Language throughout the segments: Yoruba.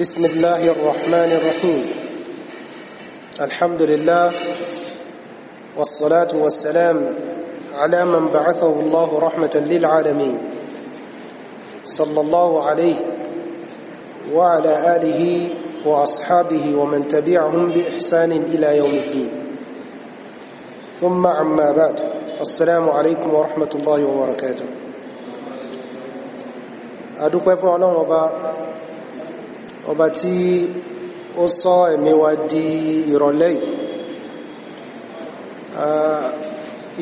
بسم الله الرحمن الرحيم الحمد لله والصلاة والسلام على من بعثه الله رحمة للعالمين صلى الله عليه وعلى آله وأصحابه ومن تبعهم بإحسان إلى يوم الدين ثم عما بعد السلام عليكم ورحمة الله وبركاته أدوك يا الله ọba tí ó sọ ẹ̀mí wa di ìrọ̀lẹ́ yìí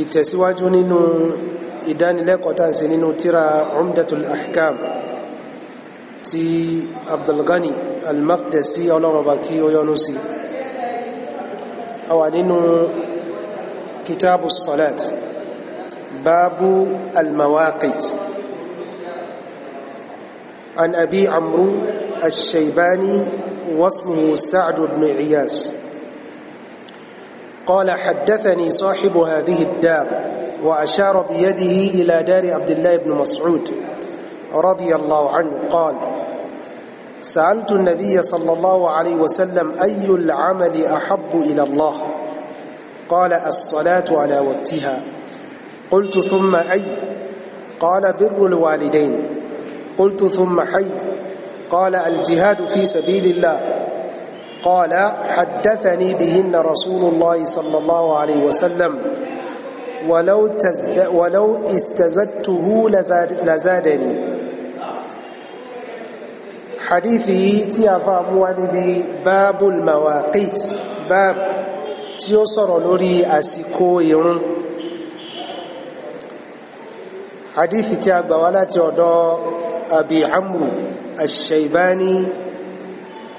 ìtẹ̀síwájú nínú ìdánilẹ́kọ̀ọ́ tá ń ṣe nínú tíra umdatul ahkam ti abdulgani al-maqdisi ọlọ́mọba kí ó yọ́nú sí a wà nínú kitabu salat babu al an abi amru الشيباني واسمه سعد بن عياس قال حدثني صاحب هذه الدار وأشار بيده إلى دار عبد الله بن مسعود رضي الله عنه قال سألت النبي صلى الله عليه وسلم أي العمل أحب إلى الله قال الصلاة على وقتها قلت ثم أي قال بر الوالدين قلت ثم حي قال الجهاد في سبيل الله قال حدثني بهن رسول الله صلى الله عليه وسلم ولو, تزد ولو استزدته لزاد لزادني حديثي تيافا موانبي باب المواقيت باب تيوصر لوري أسيكو يرون حديث تيابا ولا تيودو أبي عمرو الشيباني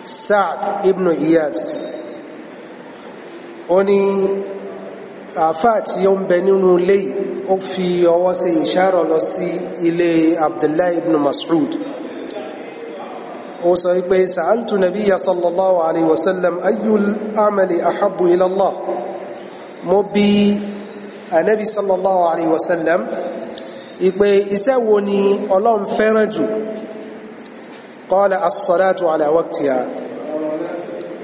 سعد ابن إياس أني àfáàtí ó ń bẹ nínú ilé ó fi ọwọ́ ṣe ìṣàrọ̀ lọ sí ilé abdullahi ibn mas'ud ó sọ wípé sa'altu nabiyya sallallahu alaihi wasallam ayyul amali ahabbu ila Allah mo bi anabi sallallahu alaihi wasallam ipe iṣẹ́ wo ni ọlọ́run fẹ́ràn jù qala as-salatu ala waqtiha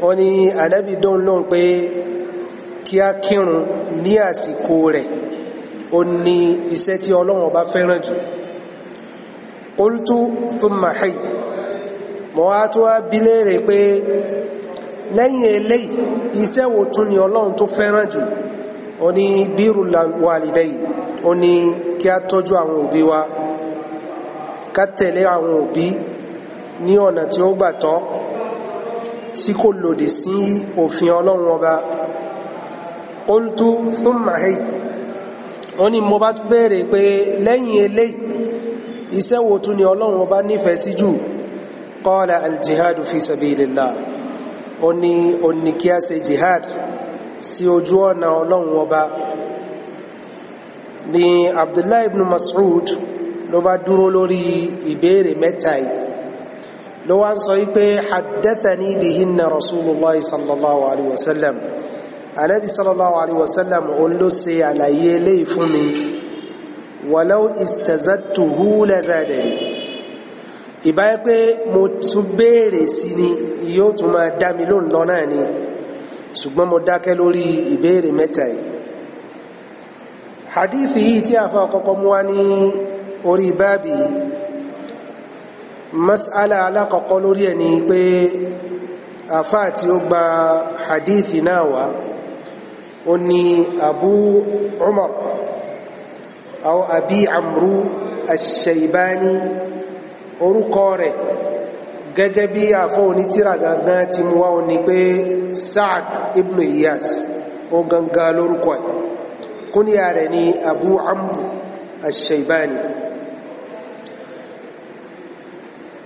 wọ́n ní ànábì dóun lóhùn pé kí a kírun ní àsìkò rẹ̀ ó ní iṣẹ́ tí ọlọ́run ọba fẹ́ràn jù qultu thumma hayy mọ̀ wá tó wá bi léèrè pé kí a tọ́jú àwọn òbí wa ká tẹ̀lé àwọn òbí ní ọ̀nà tí ó gbà tọ́ tí kò lòdì sí òfin ọlọ́run ọba olùtú thumma hay ó ní mo bá tún béèrè pé lẹ́yìn eléyìí iṣẹ́ wo tún ni ọlọ́run ọba nífẹ̀ẹ́ sí jù qala aljihadu fi sabilillah ó ní ó kí a ṣe jihad sí ojú ọ̀nà ọlọ́run ọba ni abdullahi ibn mas'ud ló bá dúró lórí ìbéèrè mẹ́ta yìí ló wá ń sọ wípé haddathani bihinna rasulullah sallallahu alayhi wa sallam anabi sallallahu alayhi wa sallam òun ló ṣe àlàyé eléyìí fún mi walaw istazadtuhu lazadani ìbáyé pé mo tún béèrè sí ni yóò tún máa dá mi lóhùn lọ náà ni ṣùgbọ́n mo dákẹ́ lórí ìbéèrè mẹ́ta yìí hadithi yìí tí a fa kọ́kọ́ mú wá ní orí báàbì yìí mas'ala alákọ̀ọ́kọ́ lórí ẹ̀ ni pé àfáà tí ó gba hadithi náà wá ó ní abu umar àwọn àbí amru ash-shaybani orúkọ rẹ̀ gẹ́gẹ́ bí àfọ́ onítìrà gangan ti mú wá ó ní pé sa'ad ibn iyas ó gangan lórúkọ ẹ̀ kúníyà rẹ̀ ni abu amru ash-shaybani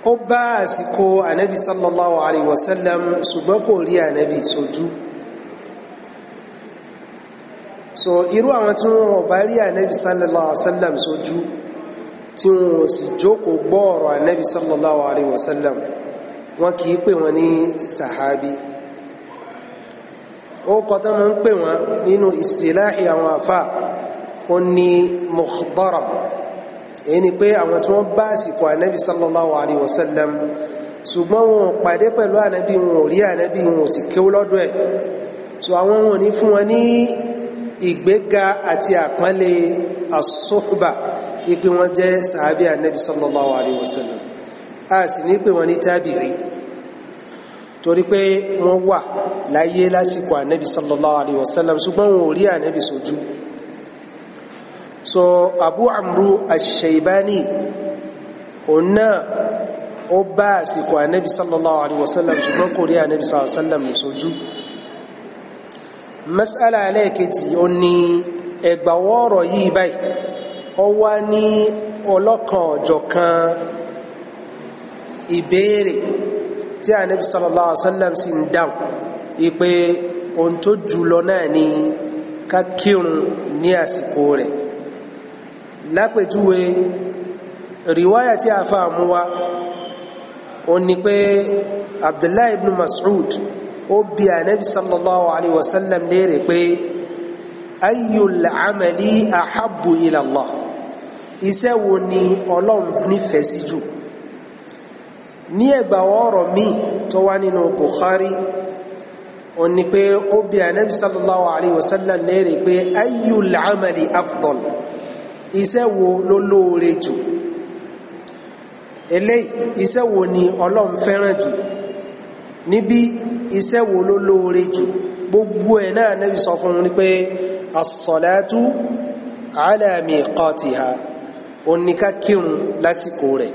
ó bá àsìkò ànábì sallallahu alayhi wa sallam ṣùgbọ́n kò rí ànábì sójú so irú àwọn tí wọn ò bá rí ànábì sallallahu alayhi wa sallam sójú tí wọn ò sì jókòó gbọ́ ọ̀rọ̀ ànábì sallallahu alayhi wa sallam wọn kì í pè wọn ní sahabi ó kọ́ tán ń pè wọn nínú istilahi àwọn àfà ó ní mukhdarab èyí ni pé àwọn tí wọ́n bá àsìkò ànábì sallallahu alayhi wa sallam ṣùgbọ́n wọn pàdé pẹ̀lú ànábì wọn ò rí ànábì wọn ò sì kéwú lọ́dọ̀ ẹ̀ so àwọn wọn ní fún wọn ní ìgbéga àti àpọ́nlé asọ́kùbà ipe wọn jẹ́ sàábì ànábì sallallahu alayhi wa sallam a sì ní pé wọn ní tábìrì torí pé wọ́n wà láyé lásìkò ànábì sallallahu alayhi wa sallam ṣùgbọ́n wọn ò rí ànábì sójú so abu amru ashaibani òun náà ó bá àsìkò ànábi sallallahu alayhi wa sallam ṣùgbọ́n kò rí ànábi sallallahu alayhi wa sallam ìṣojú masala ẹlẹ́ẹ̀kejì ó ní ẹgbàwọ́ọ̀rọ̀ yìí báyìí ó wá ní ọlọ́kan ọ̀jọ̀kan ìbéèrè tí ànábi sallallahu alayhi wa sallam sì dáhùn ipe ohun tó jùlọ náà ni ká kírun ní àsìkò rẹ̀ lápèjúwe riwaya tí a fa mú wa ó ní pé abdullahi ibn mas'ud ó bi anabi sallallahu alayhi wa sallam léèrè pé ayyul amali ahabbu ila allah iṣẹ́ wo ni ọlọ́run nífẹ̀ẹ́ sí jù ní ẹgbà ọ̀rọ̀ míì tó wá nínú Bukhari ó ní pé ó bi anabi sallallahu alayhi wa léèrè pé ayyul amali afdal iṣẹ́ wo ló lóore jù eléyìí iṣẹ́ wo ni ọlọ́run fẹ́ràn jù níbi iṣẹ́ wo ló lóore jù gbogbo ẹ̀ náà nẹ́bí sọ fún un pé as-salatu ala miqatiha oníká kírun lásìkò rẹ̀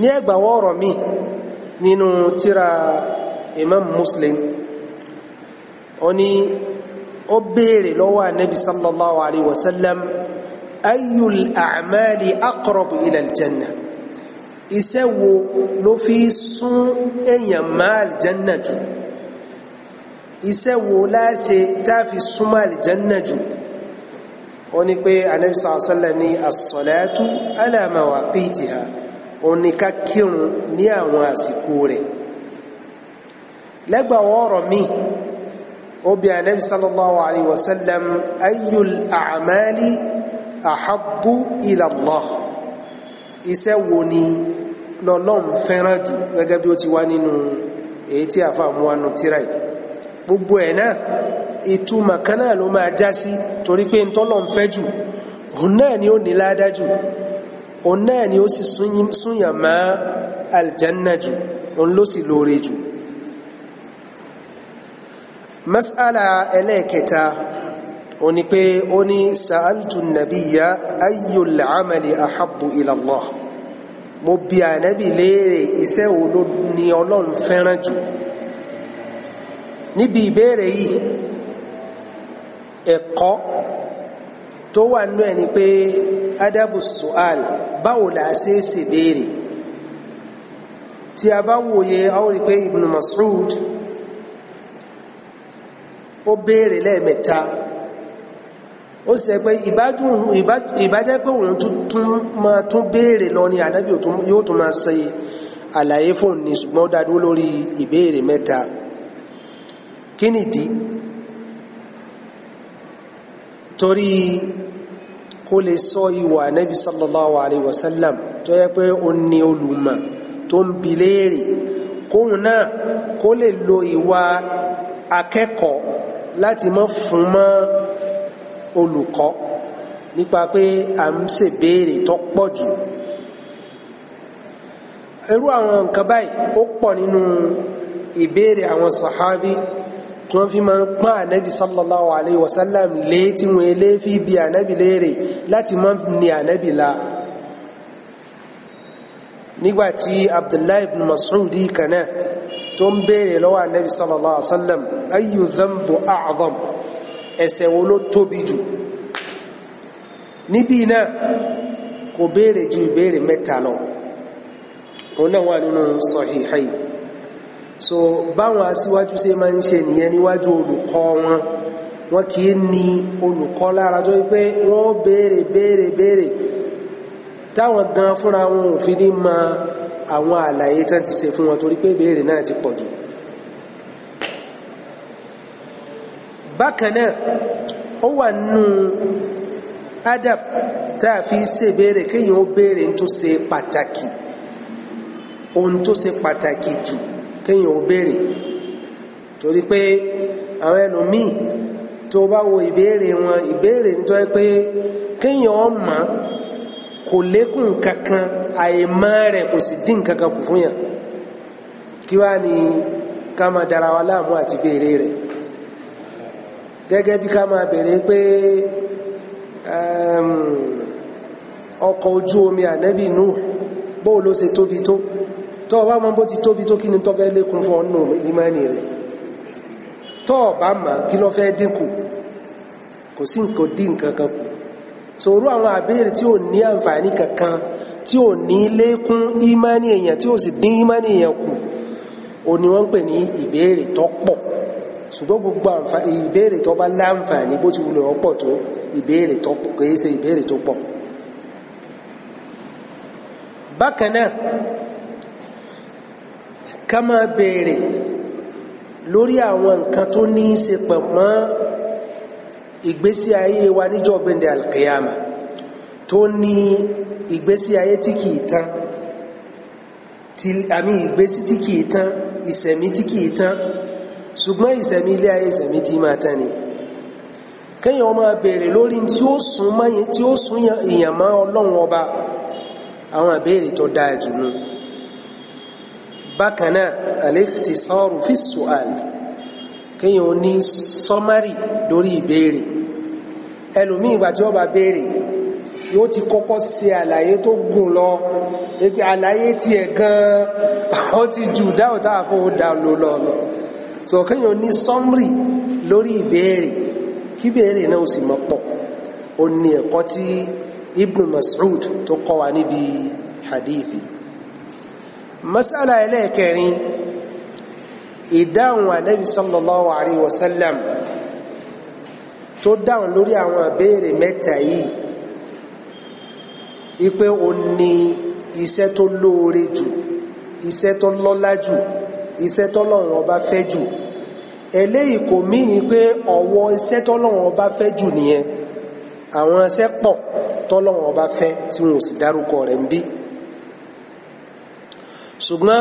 ní ẹgbàwọ́ ọ̀rọ̀ mi nínú tíra imam muslim ó ó béèrè lọ́wọ́ nẹ́bí sallallahu alayhi wa sallam ayul a'mali aqrab ila aljanna iṣẹ́ wo ló fi sún èèyàn má aljanna jù iṣẹ́ wo láṣe tá fi súnmọ́ aljanna jù ó ní pé anabi sàásánlẹ̀ ní as-salatu ala mawaqitiha òun ni ká kírun ní àwọn àsìkò rẹ̀ lẹ́gbàwọ́ mi ó anabi sallallahu alayhi wa sallam a'mali ahabbu ilallah iṣẹ́ wo ni lọ́lọ́run fẹ́ràn jù gẹ́gẹ́ bí ó ti wá nínú èyí tí àfa mú wánú tíra yìí gbogbo ẹ̀ náà ìtumọ̀ kan náà ló máa já sí torí pé ń tọ́lọ̀ fẹ́ jù òun náà ni ó ní ládá jù òun náà ni ó sì súnyàn má aljanna jù òun ló sì lóore jù mas'ala ẹlẹ́ẹ̀kẹta ó ní pé ó ní sa'altu nàbíyà ayyul amali ahabbu ila Allah mo bi ànábì léèrè iṣẹ́ wo ló ní ọlọ́run fẹ́ràn jù níbi ìbéèrè yìí ẹ̀kọ́ tó wà nú ẹ̀ ni pé adabu su'al báwo la ṣe é ṣe béèrè a bá wòye a ó rí pé ibn Mas'ud ó béèrè lẹ́ẹ̀mẹ́ta ó sì sẹ pé ìbájẹ́ pé òun tún máa tún béèrè lọ ni ànábì yóò tún máa ṣe àlàyé fún ni ṣùgbọ́n ó dádúró lórí ìbéèrè mẹ́ta kí nìdí torí kó lè sọ ìwà ànábì sallallahu alaihi wasallam, sallam tó yẹ pé ó ní olùmọ̀ tó ń bi léèrè kóhun náà kó lè lo ìwà akẹ́kọ̀ọ́ láti mọ́ fún mọ́ olùkọ́ nípa pé à ń ṣèbéèrè tó pọ̀ jù irú àwọn nǹkan báyìí ó pọ̀ nínú ìbéèrè àwọn sàhábí tí wọ́n fi máa ń pọ́n ànábì sallallahu alayhi wa sallam lé tí wọ́n lé fi bí ànábì léèrè láti mọ́ ní ànábì la nígbàtí abdullahi ibn mas'udi kanáà tó ń béèrè lọ́wọ́ ànábì sallallahu alayhi wa sallam ayyu dhanbu a'zam ẹ̀ṣẹ̀ wo ló tóbi jù níbí náà kò béèrè ju ìbéèrè mẹ́ta lọ òun náà wà nínú Sahihayn so báwọn aṣíwájú ṣe máa ń ṣe nìyẹn níwájú olùkọ́ wọn wọn kì í ní olùkọ́ lára tó pé wọ́n béèrè béèrè béèrè táwọn gan fúnra wọn ò fi ní ma, àwọn àlàyé tán ti ṣe fún wọn torí pé béèrè náà ti pọ̀ bákan ó wà nù adab fi se béèrè kéèyàn ó béèrè tó se pàtàkì ohun tó ṣe pàtàkì jù kéèyàn ó béèrè torí pé àwọn tó bá wo ìbéèrè wọn ìbéèrè nítorí pé kéèyàn ó mọ̀ kò lékùn kankan àìmọ̀ rẹ̀ kò sì dín kankan kù fún yàn kí wàá ní ká máa dara wa láàmú àti béèrè rẹ̀. gẹ́gẹ́ bí ká máa bèèrè pé ọkọ̀ ojú omi ànẹ́bì nù bóò ló ṣe tóbi tó tọ́ ọba mọ́ bó ti tóbi tó kí ni tọ́ fẹ́ lékun fún rẹ̀ tọ́ ọba kí ló fẹ́ dínkù kò sí nǹkan dín nǹkan kan kù sòrò àwọn àbẹ́rẹ́ tí ò ní àǹfààní kankan tí ò ní èèyàn tí ò sì dín ṣùgbọ́n gbogbo ìbéèrè tó bá láǹfààní bó ti wulẹ̀ ọ̀pọ̀ tó ìbéèrè tó pọ̀ kìí ṣe ìbéèrè tó pọ̀ bákan náà ká máa béèrè lórí àwọn nǹkan tó ní í ṣe pẹ̀ mọ́ ìgbésí ayé wa níjọ́ gbẹ̀ndẹ̀ alkiyama tó ní ìgbésí ayé tí kìí tán àmì ìgbésí tí kìí tán ìṣẹ̀mí tí kìí tán ṣùgbọ́n ìsẹ̀mí ilé ayé ìsẹ̀mí tí máa tán ni kéèyàn máa béèrè lórí tí ó sún mọ́yìn tí ó sún èèyàn mọ́ ọlọ́run ọba àwọn àbẹ́rẹ́ tó dáa jù nù bákan náà al-ikhtisaru fi su'al kéèyàn ní sọ́márì lórí ìbéèrè ẹlòmíì ìgbà tí wọ́n béèrè yóò ti kọ́kọ́ ṣe àlàyé tó gùn lọ ebi àlàyé tiẹ̀ gan-an ó ti jù dáhùn táà fún ó dá lọ lọ so kéèyàn ní sọmrì lórí ìbéèrè kí béèrè náà ó sì mọ pọ ó ní ẹ̀kọ́ tí Ibn Mas'ud tó kọ́ wa níbi hadithi masala ẹlẹ́ẹ̀kẹrin ìdáhùn anabi sallallahu alayhi wa sallam tó dáhùn lórí àwọn ìbéèrè mẹ́ta yìí ipe ó ní iṣẹ́ tó lóore jù iṣẹ́ tó lọ́lá jù iṣẹ́ tọ́lọ́run ọba fẹ́ jù eléyìí kò mí ni pé ọ̀wọ́ iṣẹ́ tọ́lọ́run ọba fẹ́ jù nìyẹn àwọn iṣẹ́ pọ̀ tọ́lọ́run ọba fẹ́ tí wọn ò sì dárúkọ rẹ̀ ń bí ṣùgbọ́n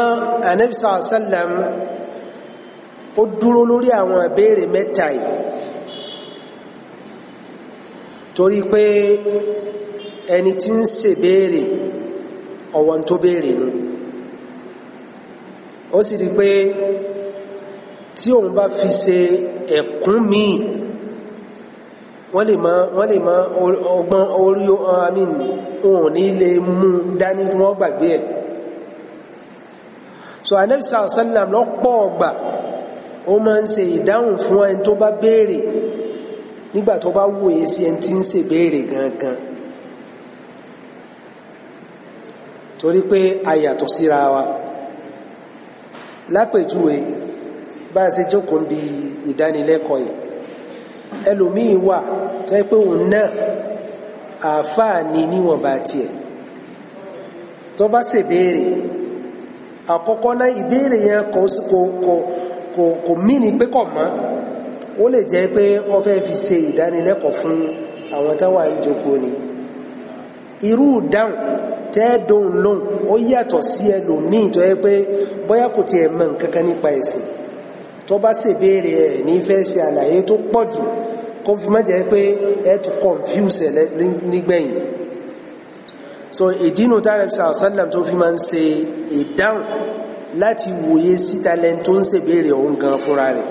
anabisa asalam ó dúró lórí àwọn ìbéèrè mẹ́ta yìí torí pé ẹni tí ń ṣèbéèrè ọ̀wọ́n tó béèrè nù. No ó sì rí pé tí òun bá fi ṣe ẹ̀kún míì wọ́n lè máa wọ́n lè máa ọgbọ́n orí amin òun ní lè mú dání wọ́n gbàgbé ẹ̀ so anabisa asalam lọ́pọ̀ ọgbà ó máa ń ṣe ìdáhùn fún ẹni tó bá béèrè nígbà tó bá wòye sí ẹni tí ń ṣe béèrè gangan torí pé a yàtọ̀ síra wa lápèjúwe bá a ṣe jókòó bí ìdánilẹ́kọ̀ọ́ yìí ẹlòmíín wà tó pé òun náà àáfàá ni níwọ̀nba tiẹ̀ tó bá ṣe béèrè àkọ́kọ́ náà ìbéèrè yẹn kò kò kò kò mí ni pé kọ̀ mọ́ ó lè jẹ́ pé wọ́n fẹ́ fi ṣe ìdánilẹ́kọ̀ọ́ fún àwọn táwa ń ni irú ìdáhùn tẹ́ẹ̀dóhùn lóhùn ó yàtọ̀ sí ẹlòmíì tó yẹ pé bóyá kò tiẹ̀ mọ̀ nǹkan kan nípa ẹ̀sìn tó bá sì béèrè ẹ̀ ní fẹ́ ṣe àlàyé tó pọ̀ jù kó fi má jẹ́ pé ẹ tún confuse ẹ nígbẹ̀yìn so ìdínú tààrẹ sàlám tó fi máa ń ṣe ìdáhùn láti wòye síta lẹ́ni tó ń ṣe béèrè òun gan fúnra rẹ̀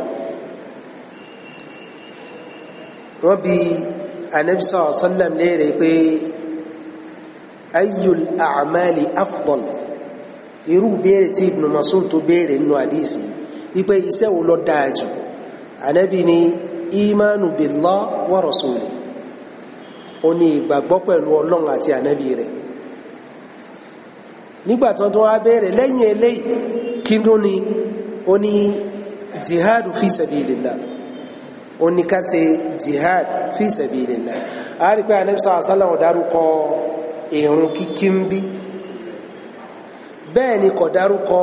wọ́n bi anabi sàlám léèrè pé ayyul a'mali afdal irú béèrè tí ibn Mas'ud tó béèrè nínú àdísì wípé iṣẹ́ wo ló dáa jù ànábì ni imanu billah wa rasuli ó ní ìgbàgbọ́ pẹ̀lú ọlọ́run àti ànábì rẹ̀ nígbà tó tó wá béèrè lẹ́yìn eléyìí kí ló ni ó ní jihad fi sabilillah ó ní ká jihad fi sabilillah a rí pé sallallahu alaihi wasallam dárúkọ èrún kíkí ń bí bẹ́ẹ̀ ni kò dárúkọ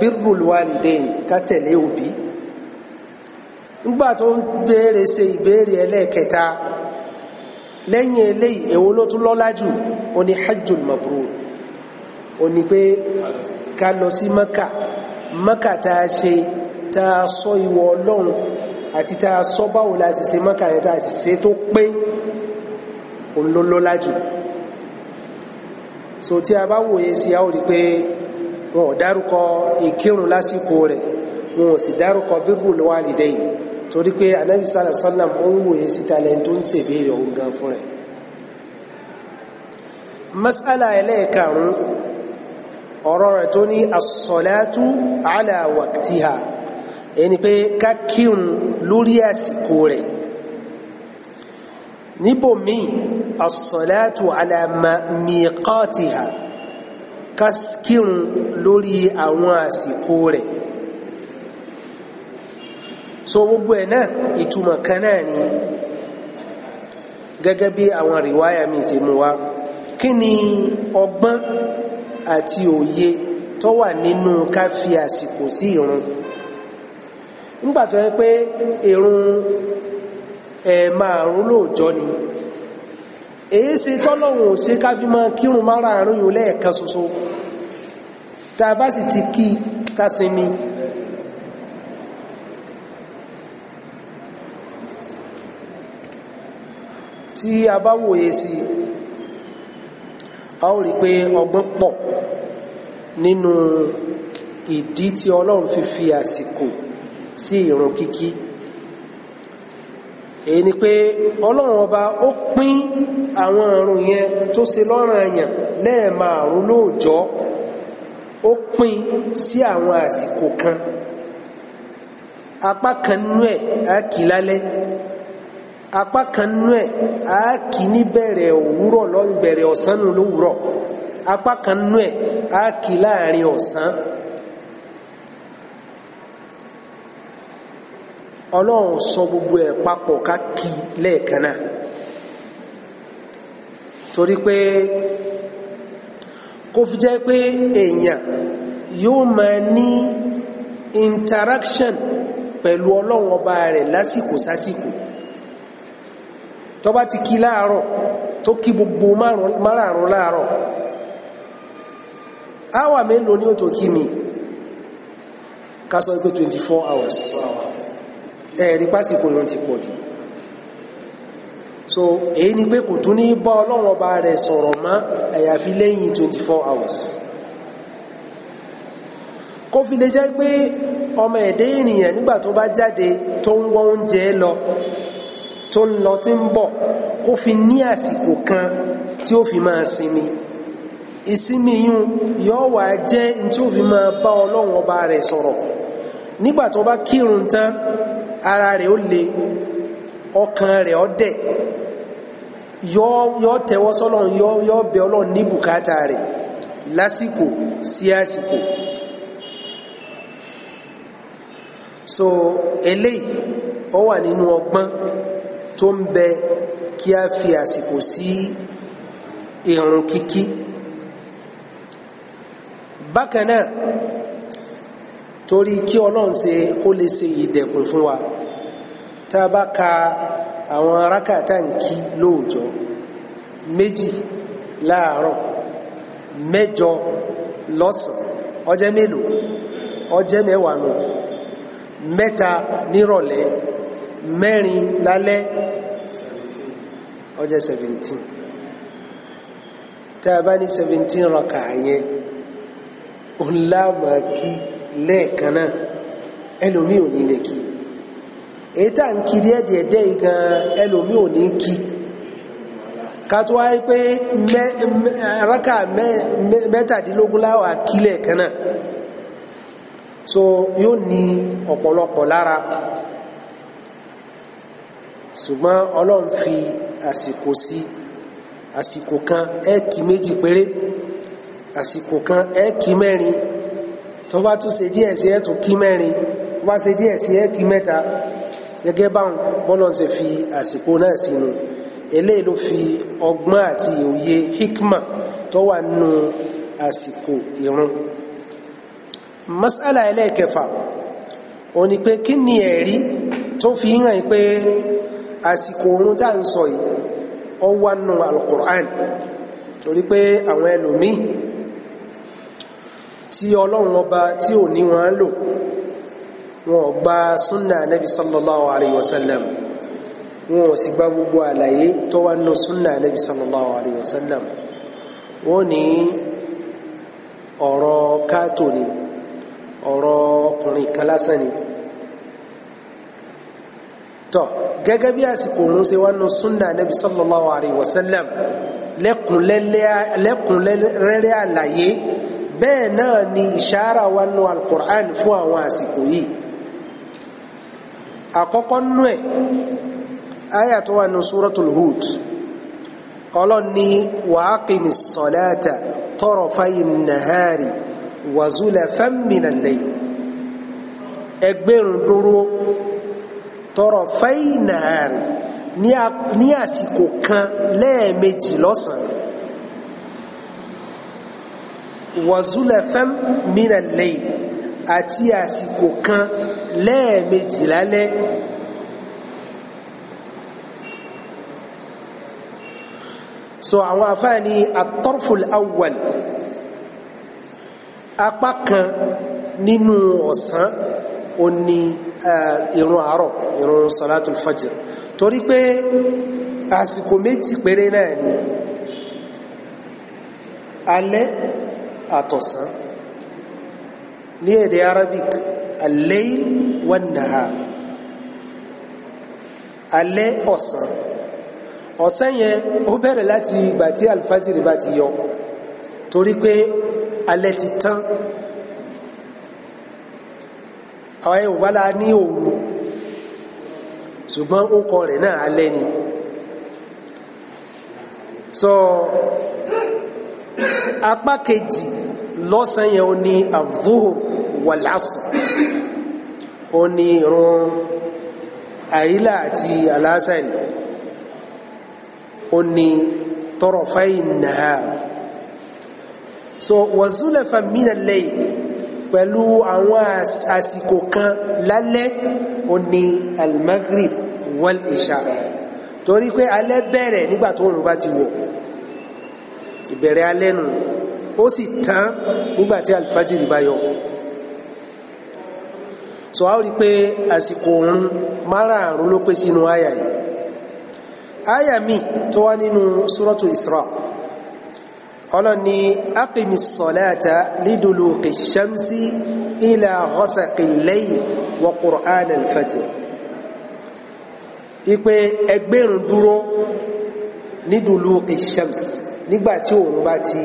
birrul walidain ká tẹ̀lé òbí nígbà tó ń béèrè ṣe ìbéèrè ẹlẹ́ẹ̀kẹta lẹ́yìn eléyìí èwo ló tún lọ́lá jù ó ní hajjul mabrur ó ní pé ká lọ sí maka maka tá ṣe tá sọ ìwọ ọlọ́run àti tá sọ báwo la ṣe ṣe maka yẹn tá ṣe tó pé òun ló lọ́lá jù. so tí a bá wòye sí a ó rí pé wọn ò dárúkọ ìkírun lásìkò rẹ̀ wọn ò sì dárúkọ bíbù lọ́wọ́lìdẹ́yìn torí pé anabi sallam sálàm ó ń wòye sí talẹ̀ tó ń ṣèbéèrè òun gan fún rẹ̀ masala ẹlẹ́ẹ̀karùn-ún ọ̀rọ̀ rẹ̀ tó ní as-salatu ala waqtiha ẹni pé ká kírun lórí àsìkò rẹ̀ níbòmíì as-salatu ala miqatiha káskírun lórí àwọn àsìkò rẹ̀ so gbogbo ẹ̀ náà ìtumọ̀ kan náà ni gẹ́gẹ́ bí àwọn rìwáyà mi ṣe mú wa kí ni ọgbọ́n àti òye tó wà nínú ká fi àsìkò sí ìrun nígbà tó pé ìrun ẹ̀ márùn-ún lóòjọ́ ni èyí ṣe tọ́lọ́run ò ṣe ká fi máa kírun mára àrùn yìí lẹ́ẹ̀kan ṣoṣo tá a bá sì ti kí ká sinmi tí a bá wòye sí a ó rí pé ọgbọ́n pọ̀ nínú ìdí tí ọlọ́run fi fi àsìkò sí ìrun kíkí. èyí ni pé ọlọ́run ọba ó pín àwọn ọ̀run yẹn tó ṣe lọ́rùn ẹ̀yàn lẹ́ẹ̀márùn lóòjọ́ ó pín sí àwọn àsìkò kan apá kan nú ẹ̀ á kì lálẹ́ apá kan nú ẹ̀ á kì ní bẹ̀rẹ̀ òwúrọ̀ lọ́yìn bẹ̀rẹ̀ ọ̀sán nù lówùrọ̀ apá kan nú ẹ̀ á kì láàrin ọ̀sán ọlọ́run sọ gbogbo ẹ̀ papọ̀ ká kí torí pé kò fi jẹ́ pé èèyàn yóò máa ní interaction pẹ̀lú ọlọ́run ọba rẹ̀ lásìkò sásìkò tó bá ti kí láàárọ̀ tó kí gbogbo márààrún láàárọ̀ áwà mélòó ní ó tó kí mi ká sọ 24 hours. ẹ̀rí pásìkò yóò ti pọ̀ so èyí ni pé kò tún ní bá ọlọ́run ọba rẹ̀ sọ̀rọ̀ mọ́ àyàfi lẹ́yìn 24 hours kó fi lè jẹ́ pé ọmọ ẹ̀dẹ́ ènìyàn nígbà tó bá jáde tó ń wọ́n oúnjẹ lọ tó ń lọ tí ń bọ̀ kó fi ní àsìkò kan tí ó fi máa sinmi ìsinmi yún yóò wà jẹ́ tí ó fi máa bá ọlọ́run ọba rẹ̀ sọ̀rọ̀ nígbà tó bá kírun tán ara rẹ̀ ó le ọkàn rẹ̀ ọ dẹ̀ yọ́ tẹ́wọ́ sọ́lọ́run yọ́ bẹ ọlọ́run ní bùkátà rẹ̀ lásìkò sí àsìkò so eléyìí ó wà nínú ọgbọ́n tó ń bẹ kí a fi àsìkò sí ìrun kíkí bákan torí kí ọlọ́run ṣe kó lè ṣe ìdẹ̀kùn fún wa tá a bá ka àwọn rákàtà ń kí lóòjọ́ méjì láàárọ̀ mẹ́jọ lọ́sàn ọjẹ́ mélòó ọjẹ́ mẹ́wàá nù mẹ́ta nírọ̀lẹ́ mẹ́rin lálẹ́ ọjẹ́ 17 tá a bá ní 17 rákà yẹn òun láàmà kí lẹ́ẹ̀kan náà ẹlòmí ò ní lè kí èyí tá ń kí díẹ̀ díẹ̀ dẹ́ igan ẹlòmí ò ní kí kátó wáyé pé rákà mẹ́tàdínlógún láwà kí lẹ́ẹ̀kan so yóò ní ọ̀pọ̀lọpọ̀ lára ṣùgbọ́n ọlọ́run fi àsìkò sí àsìkò kan ẹ́ẹ̀kì méjì péré àsìkò kan ẹ́ẹ̀kì mẹ́rin tó bá tún ṣe díẹ̀ sí ẹ̀ tún kí mẹ́rin tó bá ṣe díẹ̀ sí ẹ̀ kí mẹ́ta gẹ́gẹ́ báwọn bọ́lọ̀ ṣe fi àsìkò náà sínú eléyìí ló fi ọgbọ́n àti òye hikma tó wà nínú àsìkò ìrun masala ẹlẹ́ẹ̀kẹfà ó ní pé kí ni ẹ̀rí tó fi hàn pé àsìkò òun tá à ń sọ yìí ó wà nínú alukur'an torí pé àwọn ẹlòmíì tí ọlọ́run ọba tí ò ní wọn lò wọn ò gba súnà nabi sallallahu alayhi wa sallam wọn ò sì gba gbogbo àlàyé tó wà nù súnà nabi sallallahu alayhi wa sallam wọn ní ọ̀rọ̀ káàtó ni ọ̀rọ̀ ọkùnrin kan lásán ni tọ́ gẹ́gẹ́ bí àsìkò òun ṣe wà nù súnà nabi sallallahu alayhi wa àlàyé. Le, bẹ́ẹ̀ náà ni ìṣára wa nù alukur'an fún àwọn àsìkò yìí àkọ́kọ́ nù ẹ̀ àyà tó wà nù suratul Hud ọlọ́ni wàákìmí sọ̀láta tọrọfáyì nàhárì wàzúlẹ̀ fẹ́mìnà lẹ́yìn ẹgbẹ́rún dúró tọrọfáyì nàhárì ní àsìkò kan lẹ́ẹ̀mejì lọ́sàn-án wazulafam minal layl àti àsìkò kan lẹ́ẹ̀mejì lálẹ́ so àwọn àfáàní at-tarful awwal apá kan nínú ọ̀sán ó ní ìrun àárọ̀ ìrun salatul fajr torí pé àsìkò méjì péré náà ni alẹ́ àtọ̀sán ní èdè Arabic al-layl wan-nahar alẹ́ ọ̀sán ọ̀sán yẹn ó bẹ̀rẹ̀ láti ìgbà tí alfajiri bá ti yọ torí pé alẹ́ ti tán àwọn Yorùbá ní òru ṣùgbọ́n ó kọ rẹ̀ náà alẹ́ ni so apá kejì lọ́sàn yẹn ó ní àdúhù wàlásì ó ní irun àyílà àti àlásàrì ó ní tọrọfáì nàá so wàzúlẹ̀fà mìíràn lẹ́yìn pẹ̀lú àwọn àsìkò kan lálẹ́ ó ní almagrib wal isha torí pé alẹ́ bẹ̀rẹ̀ nígbà tó òrùn bá ti wọ̀ ìbẹ̀rẹ̀ alẹ́ nù no ó sì tán nígbà tí alifájìrì so a rí pé àsìkò òun márààrún ló pé sínú àyà yìí àyà mi tó wá nínú súrọ́tù Isra ọlọ́ni aqimi sọ̀láta liduluqi shamsi ila ghasaqi layl wa qur'an al-fajr ipe ẹgbẹ́rún dúró liduluqi shams nígbà tí òun bá ti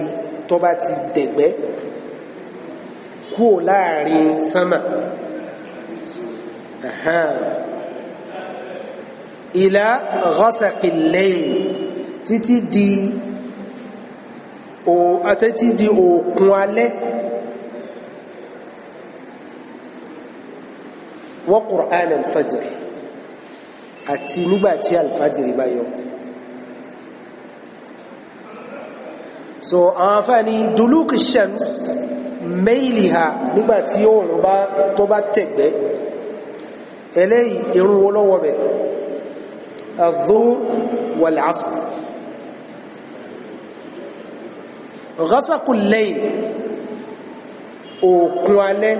tó bá ti dẹ̀gbẹ́ kúò láàrin sánmà ìlà ghasaqil layl títí di o àtẹ́tí di òkun alẹ́ wa qur'an al-fajr àti nígbàtí al-fajr so àwọn afáàní duluki shams meiliha nígbà tí òòrùn bá tó bá tẹ̀gbẹ́ eléyìí irun wo lọ́wọ́ bẹ̀ adhuhr wal asr ghasaqul layl òkun alẹ́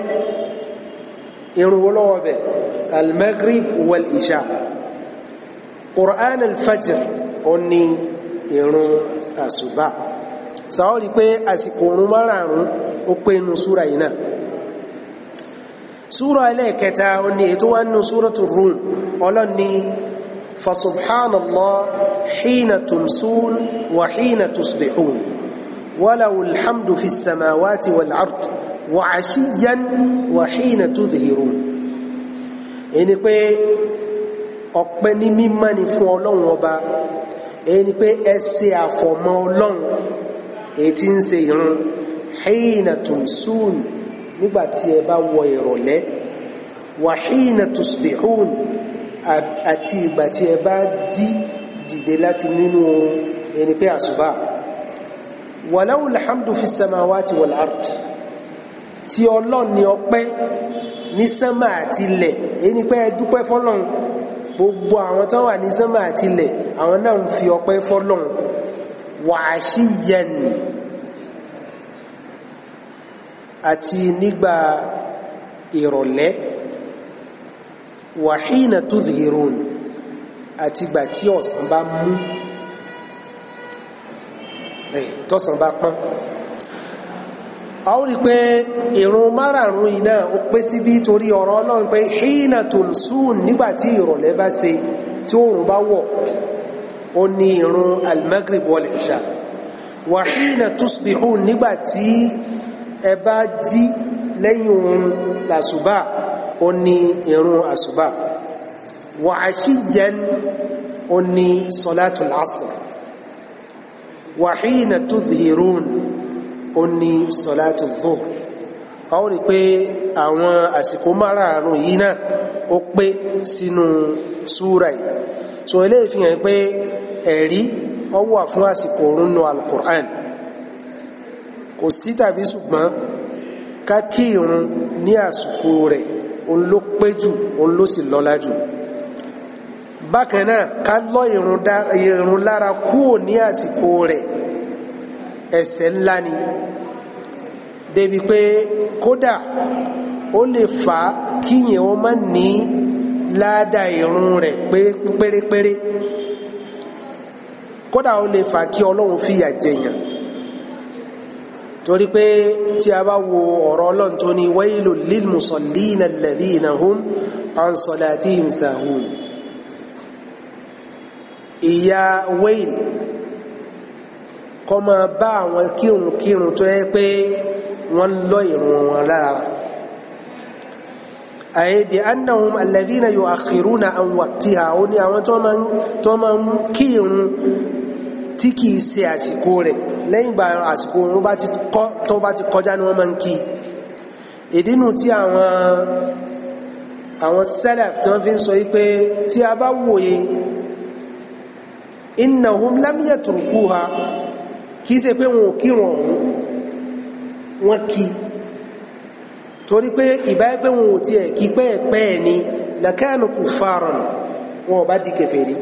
irun wo bẹ̀ al wal isha qur'an al fajr ó ní irun àsùbá sàwọn rí pé àsìkò òrùn márààrún ó pé inú súra yìí náà súra ẹlẹ́ẹ̀kẹta ó ní ètò wá nínú súratu Rum ọlọ́ni fasubhanallah hina tumsun wa hina tusbihun walahu alhamdu fi samawati wal ard wa ashiyan wa èyí tí ń ṣe ìrun hìnà tumsun nígbà tí ẹ bá wọ ìrọ̀lẹ́ wà hìnà tusbihun àti ìgbà tí ẹ bá jí dìde láti nínú ẹni pé àṣùbà wàláwù alhamdu fi samawati wal ard tí ọlọ́n ni gbogbo àwọn tó wà ní sánmà àti ilẹ̀ àwọn náà ń fi ọpẹ́ fọ́lọ́n wàásìyẹn àti nígbà ìrọ̀lẹ́ wàhíìnà tó lèrún àtìgbà tí ọ̀sán bá mú ẹ̀ tọ́sán bá pán a ó rí pé ìrun márààrún iná ó pé síbí torí ọ̀rọ̀ Ọlọ́run pé híìnà tó ń nígbà tí ìrọ̀lẹ́ bá ṣe tí oòrùn bá wọ̀ ó ní irun al-maghrib wal-isha wa hina tusbihun nígbà tí ẹ bá jí lẹ́yìn òun làṣùbà ó ní irun àṣùbà wa ashiyan ó ní salatul asr wa hina tudhhirun ó ní salatul dhuhr a rí pé àwọn àsìkò márààrún yìí náà ó pé sínú súra yìí so eléyìí fi pé ẹ̀rí ó wà fún àsìkò òrùn nù alukur'an kò sí tàbí ṣùgbọ́n ká kí irun ní àsìkò rẹ̀ òun ló pé jù òun ló sì lọ́lá jù bákan náà ká lọ irun lára kúrò ní àsìkò rẹ̀ ẹ̀ṣẹ̀ ńlá ni débi pé kódà ó lè fà á kíyàn ó má ní ládàá irun rẹ̀ pérépéré. Pé, pé, pé, pé, pé, pé, pé, kódà ó lè fà kí ọlọ́run fìyà jẹyàn torí pé tí a bá wo ọ̀rọ̀ ọlọ́run tó ní wailul lil musallina alladhina hum an salatihim sahun ìyà wail kó máa bá àwọn kírun tó yẹ pé wọ́n lọ ìrun wọn lára àyè bí annahum alladhina yu'akhiruna an waqtiha ó ní àwọn tó máa ń kírun tí kìí ṣe àsìkò rẹ̀ lẹ́yìn ìgbà àsìkò òun tó bá ti kọjá ni wọ́n máa ń kí ìdínú tí àwọn àwọn sẹ́lẹ̀f tí wọ́n fi ń sọ wípé tí a bá wòye innahum lam yatrukuha kìí ṣe pé wọn ò kírun ọ̀hún wọ́n kí torí pé ìbáyé pé wọn ò tiẹ̀ kí pẹ́ẹ̀pẹ́ẹ̀ ni lakanu kufaran wọn ò bá di kèfèrí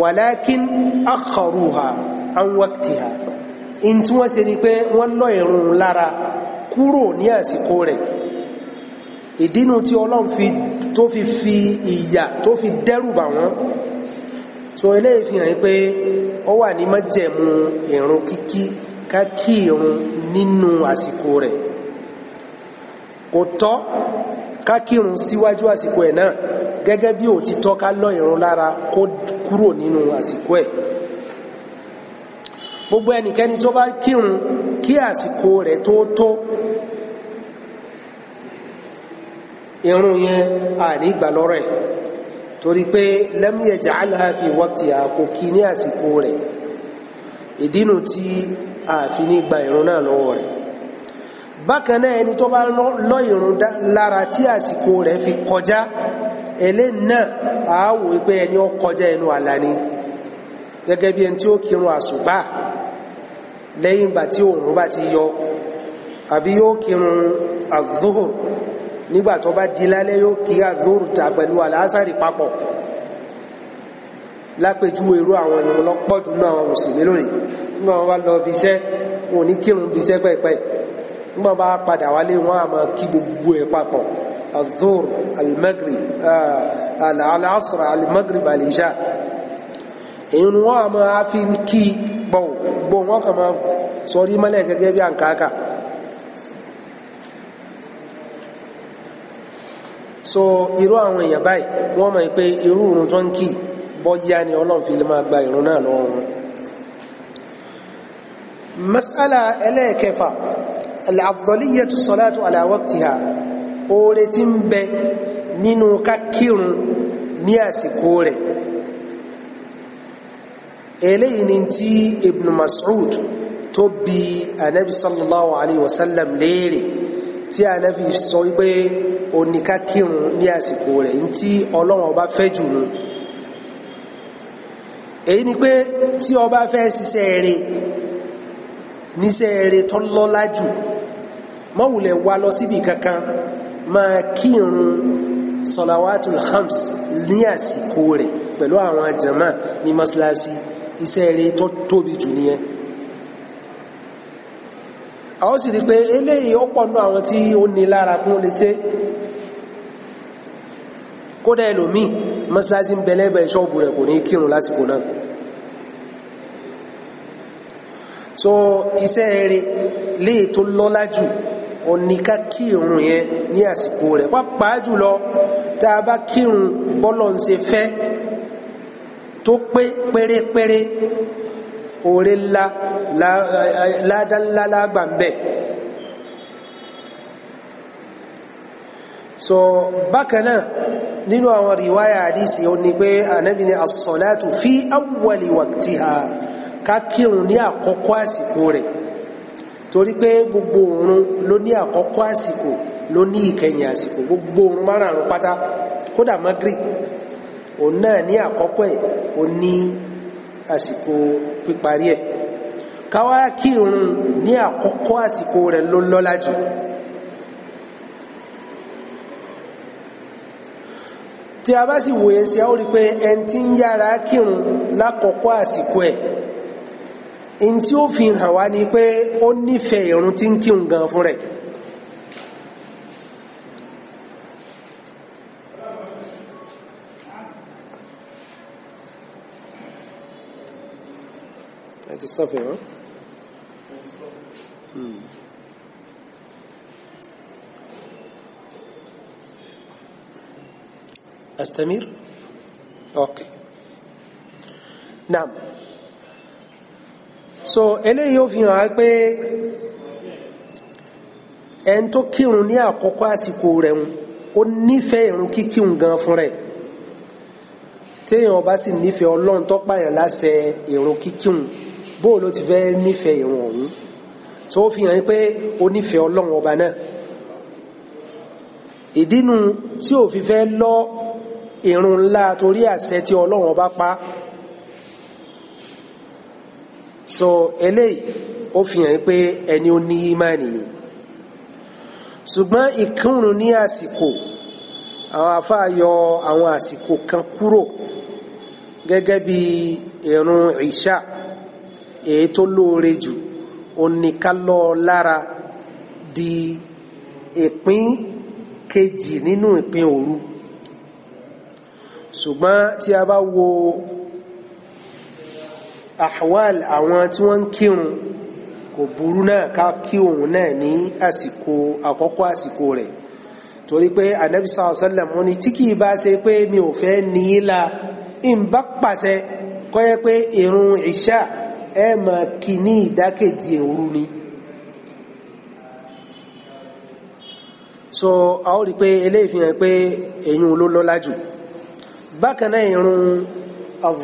wàlákín akharuha an waqtiha in tí wọ́n ṣe ni pé wọ́n lọ ìrun lára kúrò ní àsìkò rẹ̀ ìdínú tí ọlọ́run fi tó fi fi ìyà tó fi dẹ́rùbà wọ́n so eléyìí fi hàn pé ó wà ní májẹ̀mú ìrun kíkí ká kí ìrun nínú àsìkò rẹ̀ kò tọ́ ká kírun síwájú àsìkò ẹ̀ náà gẹ́gẹ́ bí ò ti tọ́ lọ ìrun lára kúrò nínú àsìkò ẹ̀ gbogbo ẹnikẹ́ni tó bá kírun kí àsìkò rẹ̀ tó tó irun yẹn àní ìgbàlọ́rẹ̀ torí pé lam yaj'alha fi waqtiha kò kí ní àsìkò rẹ̀ ìdínú tí ààfin ní gba ìrun náà lọ́wọ́ rẹ̀ bákan náà ẹni tó bá lọ ìrun lára tí àsìkò rẹ̀ fi kọjá ẹlẹ́ náà àáwò wípé ẹni ó kọjá ẹnu àlà ni gẹ́gẹ́ bí ẹni tí ó kírun àsùbá lẹ́yìn ìgbà tí òòrùn bá ti yọ àbí yóò kírun àdúhùr nígbà tó bá di lálẹ́ yóò kí àdúhùr ta pẹ̀lú àlásàrì papọ̀ lápèjúwe irú àwọn ẹni lọ́pọ̀ jù náà àwọn mùsùlùmí lónìí nígbà wọn bá lọ bí iṣẹ́ wọn ní kírun bí iṣẹ́ pẹ̀pẹ̀ nígbà wọn bá padà wálé wọn á kí gbogbo ẹ̀ papọ̀ الظهر المغرب على العصر المغرب العشاء ìyẹn wọn ما في fi kí gbọ̀n gbọ̀n wọn kàn máa sọrí mọ́lẹ̀ gẹ́gẹ́ so irú àwọn èèyàn báyìí wọ́n mọ̀ pé irú irun tó ń kì bọ́yá ni ọlọ́run fi lè máa gba irun náà lọ́wọ́ mas'ala ẹlẹ́ẹ̀kẹfà al-afdaliyyatu salatu ala waqtiha oore ti ń bẹ nínú kákírun ní àsìkò rẹ̀ eléyìí ni ti Ibn Mas'ud tó bi anabi sallallahu alayhi wa sallam léèrè tí anabi sọ pé oníkákírun ní àsìkò rẹ̀ ntí ọlọ́run ọba fẹ́ jù nù èyí ni pé tí ọba fẹ́ ṣiṣẹ́ eré níṣẹ́ eré tó lọ́lá jù mọ́wùlẹ̀ wa lọ síbi kankan máa kírun salawatul khams ní àsìkò rẹ̀ pẹ̀lú àwọn jama ní mọ́sálásí iṣẹ́ rẹ̀ tó tóbi jù nìyẹn àwọn sì rí pé eléyìí ó pọ̀ nú àwọn tí ó ní lára kún lè ṣe kódà ẹlòmíì mọ́sálásí ń bẹ ṣọ́ọ̀bù rẹ̀ kò ní kírun lásìkò náà so iṣẹ́ rẹ̀ léè tó lọ́lá jù òun ni ká kírun yẹn ní àsìkò rẹ̀ pàápàá jùlọ tá a bá kírun bọ́lọ̀ ń ṣe tó pé pérépéré òre ńlá ládá ńlá lágbà so bákan náà nínú àwọn riwaya àdìsí ó ní pé ànábì ní as-salatu fi awwali waqtiha ká kírun ní àkọ́kọ́ àsìkò rẹ̀ torí pé gbogbo òrun ló ní àkọ́kọ́ àsìkò ló ní ìkẹyìn àsìkò gbogbo òrun márààrún pátá kódà magrib òun náà ní àkọ́kọ́ ẹ̀ ó ní àsìkò píparí ẹ̀ káwá kí irun ní àkọ́kọ́ àsìkò rẹ̀ ló lọ́lá jù tí a bá sì wòye sí a ó rí pé ẹni tí ń yára kírun lákọ̀ọ́kọ́ àsìkò ẹ̀ in ó fi hàn wá ni pé ó nífẹ̀ẹ́ irun tí ń kírun gan fún rẹ̀ I have نعم so eléyìí ó fi hàn á pé ẹni tó kírun ní àkọ́kọ́ àsìkò rẹ̀ ń ó nífẹ̀ẹ́ ìrun kíkírun gan fún rẹ̀ téèyàn bá sì nífẹ̀ẹ́ ọlọ́run tó pààyàn láṣẹ ìrun kíkírun bóò ló ti fẹ́ nífẹ̀ẹ́ ìrun ọ̀hún so ó fi hàn pé ó nífẹ̀ẹ́ ọlọ́run ọba náà ìdínú tí ò fi fẹ́ lọ ìrun ńlá torí àṣẹ tí ọlọ́run ọba pa á so eléyìí ó fi hàn pé ẹni ó ní ìmánì ni ṣùgbọ́n ìkírun ní àsìkò àwọn àfáà yọ àwọn àsìkò kan kúrò gẹ́gẹ́ bí ìrun ìṣà èyí tó lóore jù oníkálọ́ lára di ìpín kejì nínú ìpín òru ṣùgbọ́n tí a bá wo àhwal àwọn tí wọ́n ń kírun kò burú náà ká kí òun náà ní àsìkò àkọ́kọ́ àsìkò rẹ̀ torí pé anabi sallallahu alayhi wa sallam wọ́n ní tí kì í bá ṣe pé mi ò fẹ́ ní í la ń bá pàṣẹ kọ́ yẹ pé ìrun ìṣá ẹ máa kí ní ìdákejì òru ni. so a ó rí pé eléyìí fi hàn pé èyí ló lọ́lá jù bákan náà ìrun az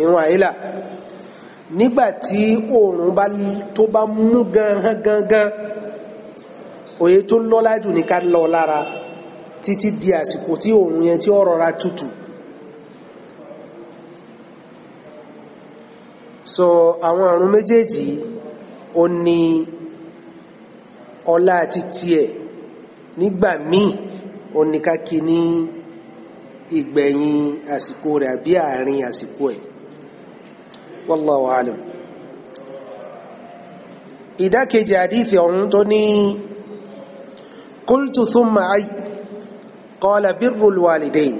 ìrun àìlà nígbà tí oòrùn bá tó bá mú gangan gangan òye tó lọ́lá jù ní ká lọ lára títí di àsìkò tí oòrùn yẹn tí ó rọra tutù so àwọn àrùn méjèèjì ó ní ọlá àti tiẹ̀ nígbà míì ó ní ká kí ní ìgbẹ̀yìn àsìkò rẹ̀ àbí àárín àsìkò ẹ̀ wallahu alim ìdákejì àdífì ọ̀run tó ní qultu thumma ay qala birrul walidain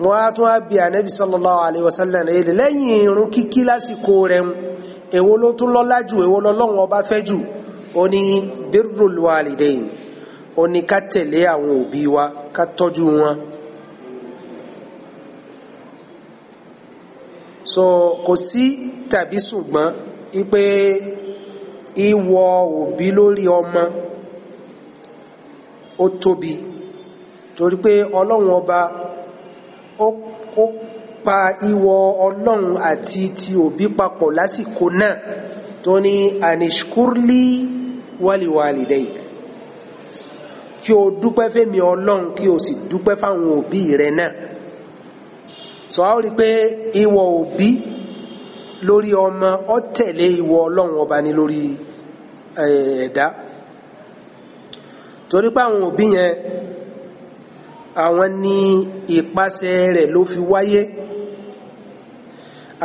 mo á tún á bi ànábì sallallahu alayhi wa sallam rẹ̀ lẹ́yìn irun kíkí lásìkò rẹ̀ èwo ló tún lọ́lá jù èwo lọ́lọ́run ọba fẹ́ jù ó ní birrul walidain ó ní ká tẹ̀lé àwọn òbí wa ká tọ́jú wọn so kò sí tàbí ṣùgbọ́n ipe ìwọ òbí lórí ọmọ ó tóbi torí pé ọlọ́run ọba ó pa ìwọ ọlọ́run àti ti òbí papọ̀ lásìkò náà tó ní anishkurli wàlíwàlídẹ́yì kí o dúpẹ́ fẹ́mi ọlọ́run kí o sì dúpẹ́ fáwọn òbí rẹ náà so a ó rí i pé ìwọ òbí lórí ọmọ ọ tẹ̀lé ìwọ ọlọ́run ọba ni lórí ẹ̀dá torí pé àwọn òbí yẹn àwọn ni ìpasẹ̀ rẹ̀ ló fi wáyé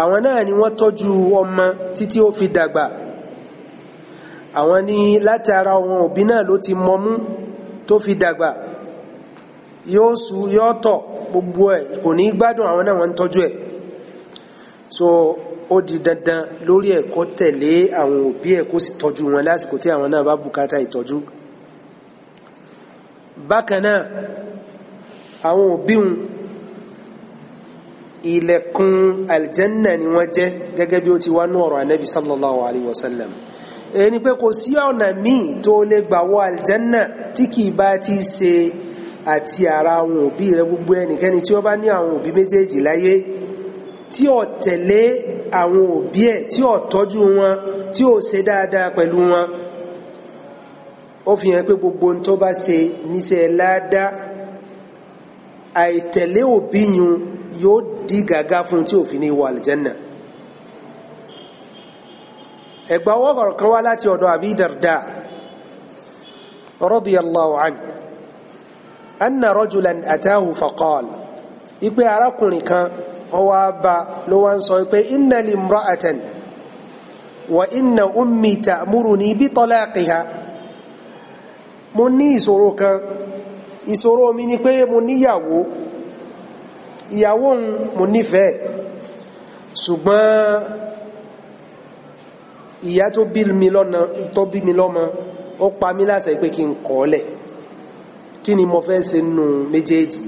àwọn náà ni wọ́n tọ́jú ọmọ títí ó fi dàgbà àwọn ni látara àwọn òbí náà ló ti mọmú tó fi dàgbà yóò su yóò tọ̀ gbogbo ẹ̀ kò ní gbádùn àwọn náà wọ́n ń tọ́jú ẹ̀ so ó di dandan lórí ẹ̀ kó tẹ̀lé àwọn òbí ẹ̀ kó sì tọ́jú wọn lásìkò tí àwọn náà bá bùkátà ìtọ́jú bákan náà àwọn òbí wọn ilẹ̀kùn aljanna ni wọ́n jẹ́ gẹ́gẹ́ bí ó ti wá ní ọ̀rọ̀ anabi sallallahu alayhi wa sallam ẹni pé kò sí ọ̀nà míì tó lè gbà wọ tí kì í bá ti ṣe àti ara àwọn òbí rẹ gbogbo ẹnikẹ́ni tí ó bá ní àwọn òbí méjèèjì láyé tí ó tẹ̀lé àwọn òbí ẹ̀ tí ó tọ́jú wọn tí ó ṣe dáadáa pẹ̀lú wọn ó fi hàn pé gbogbo ohun tó bá ṣe níṣẹ́ ládàá àìtẹ̀lé òbí yun yóò di gàgá fún tí òfin ní wọ àlìjẹ́nà ẹ̀gbà ọwọ́ kan wá láti ọ̀dọ̀ Abi Darda radiyallahu anhu anna rajulan atahu faqal ipe arákùnrin kan ó wá bá ló wá ń sọ pé inna li imra'atan wa inna ummi ta'muruni bi talaqiha mo ní ìṣòro kan ìṣòro mi ni pé mo níyàwó ìyàwó ń mo nífẹ̀ẹ́ ṣùgbọ́n ìyá tó bí mi lọ́mọ ó pa mí láṣẹ pé kí n kọ̀ ọ́ lẹ̀ kí ni mo fẹ́ ṣe nínú méjèèjì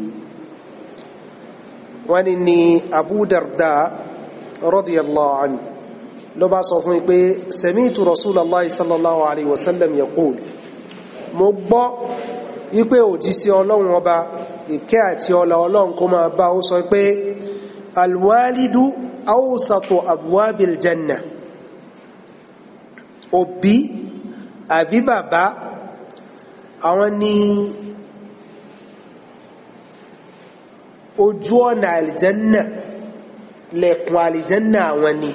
wọ́n ní ní Abu Darda radiyallahu anhu ló bá sọ fún mi pé sami'tu Rasulullahi sallallahu alayhi wa sallam yaqul mo gbọ́ wípé òjíṣẹ́ ọlọ́run ọba ìkẹ́ àti ọlá ọlọ́run kó máa bá ó sọ pé alwalidu awsatu abwabil janna òbí àbí bàbá àwọn ni ojú ọ̀nà àlìjẹ́nà lẹ̀kùn àlìjẹ́nà àwọn ni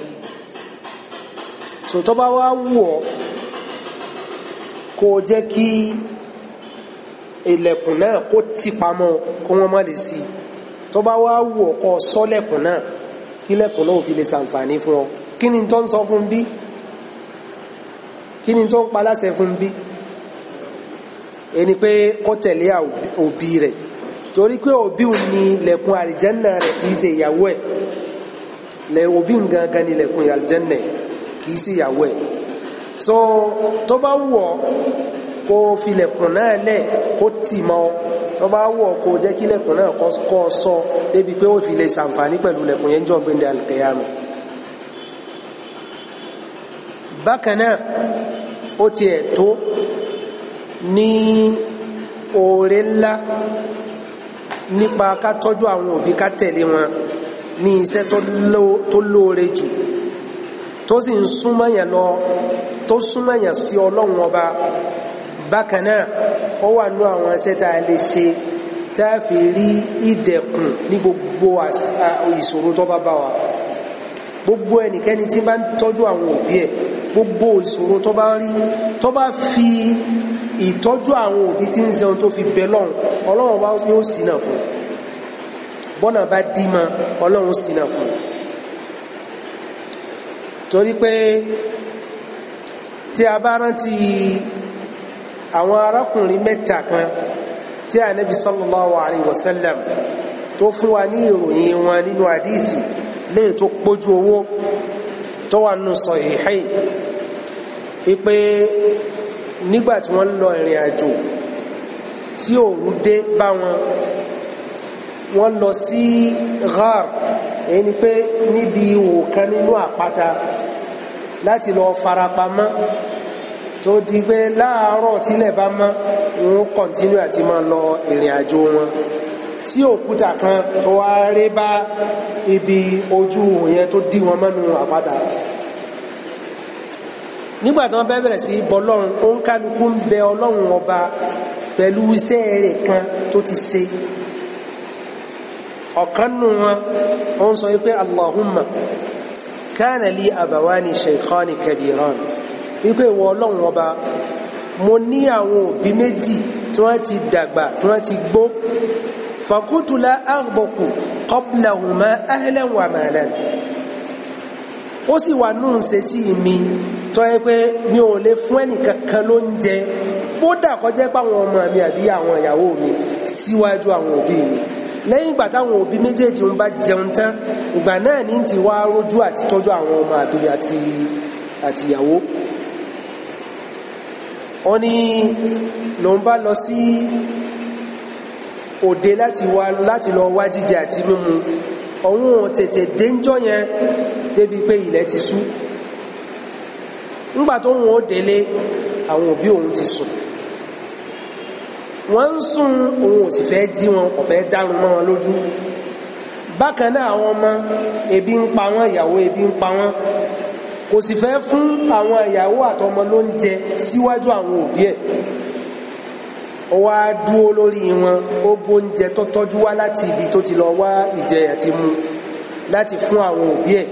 tòótọ́ bá wá wù ọ́ kó jẹ́ kí ilẹ̀kùn náà kó tì pamọ́ kó wọ́n má lè ṣí tó bá wá wù ọ́ kó sọ́lẹ̀kùn náà kí lẹ̀kùn náà fi lè ṣàǹfààní fún ọ kí ni tó ń sọ fún bí kí ni tó ń paláṣẹ fún bí ẹni pé kó tẹ̀lé òbí rẹ̀ torí pé òbí òun ni lẹ̀kùn àlìjẹ́nà rẹ̀ kìí ṣe ìyàwó ẹ̀ lẹ̀ òbí òun gangan ni lẹ̀kùn àlìjẹ́nà kìí ṣe ìyàwó ẹ̀ so tó bá wù ọ́ kó fi lẹ̀kùn náà lẹ̀ kó tì mọ́ tó bá wù ọ́ kó jẹ́ kí lẹ̀kùn náà kọ́ sọ débi pé ó fi lè ṣàǹfààní pẹ̀lú lẹ̀kùn yẹn jọ gbẹ̀ndẹ̀ àlùkẹ́yàmù bákan náà ó tiẹ̀ tó ní oore ńlá nípa ká tọ́jú àwọn òbí ká tẹ̀lé wọn ní iṣẹ́ tó lóore jù tó sì ń súnmọ́yàn lọ tó súnmọ́yàn sí ọlọ́run ọba bákan náà ó wà nú àwọn iṣẹ́ tá a lè ṣe tá a fi rí ìdẹ̀kùn ní gbogbo ìṣòro tó bá bá wa gbogbo ẹnikẹ́ni tí bá ń tọ́jú àwọn òbí ẹ̀ gbogbo ìṣòro tó bá rí tó bá fi ìtọ́jú àwọn òbí tí ń sẹ́wọ́n tó fi bẹ lọ́hùn ọlọ́run bá yóò sí náà fún bọ́nà bá dí ma ọlọ́run sí náà fún torí pé tí a bá rántí àwọn arákùnrin mẹ́ta kan tí ànábi sallallahu alayhi wa sallam tó fún wa ní ìròyìn wọn nínú àdíìsì léè tó pójú owó tó wà nù Sahihain ipe nígbà tí wọ́n lọ ìrìn àjò tí òru dé bá wọn wọ́n lọ sí ghar èyí ni pé níbi ihò kan nínú àpáta láti lọ farapamọ́ tó di pé láàárọ̀ tílẹ̀ bá mọ́ wọ́n kọ̀ntínú àti máa lọ ìrìn àjò wọn tí òkúta kan tó wá ré bá ibi ojú òyìn tó dí wọn mọ́nu àpáta nígbà tí wọ́n bẹ́ bẹ̀rẹ̀ sí bọ ọlọ́run ó ń kálukú ń bẹ ọlọ́run ọba pẹ̀lú iṣẹ́ rẹ̀ kan tó ti ṣe ọ̀kan nù wọn ó ń sọ wípé allahumma kana li abawani shaykhani kabiran wípé ìwọ ọlọ́run ọba mo ní àwọn òbí méjì tí wọ́n ti dàgbà tí wọ́n ti gbó fakutu la aghbaqu qablahuma ahlan wa ó sì wà nù ṣe sí mi tọ́ ẹ pé mi ò lè fún ẹnìkan kan ló ń jẹ kódà kọjá pé àwọn ọmọ mi àbí àwọn ìyàwó mi síwájú àwọn òbí mi lẹ́yìn ìgbà táwọn òbí méjèèjì ń bá jẹun tán ìgbà náà ní ti wá rójú àti tọ́jú àwọn ọmọ àbí àti àtìyàwó wọn ni ló ń bá lọ sí òde láti lọ wá jíjẹ àti mímu òun tètè déńjọ́ yẹn débi pé ilẹ̀ ti sú ńgbà tó wọn ó délé àwọn òbí òun ti sùn wọ́n ń sùn òun ò sì fẹ́ jí wọn kò fẹ́ dárun mọ́ wọn lójú bákan náà àwọn ọmọ ebi ń pa wọn ìyàwó ebi ń pa wọn kò sì fẹ́ fún àwọn ìyàwó àtọmọ lóúnjẹ síwájú àwọn òbí ẹ̀ ó wá dúó lórí wọn ó gbóúnjẹ tó tọ́jú wá láti ibi tó ti lọ wá ìjẹ àti mu láti fún àwọn òbí ẹ̀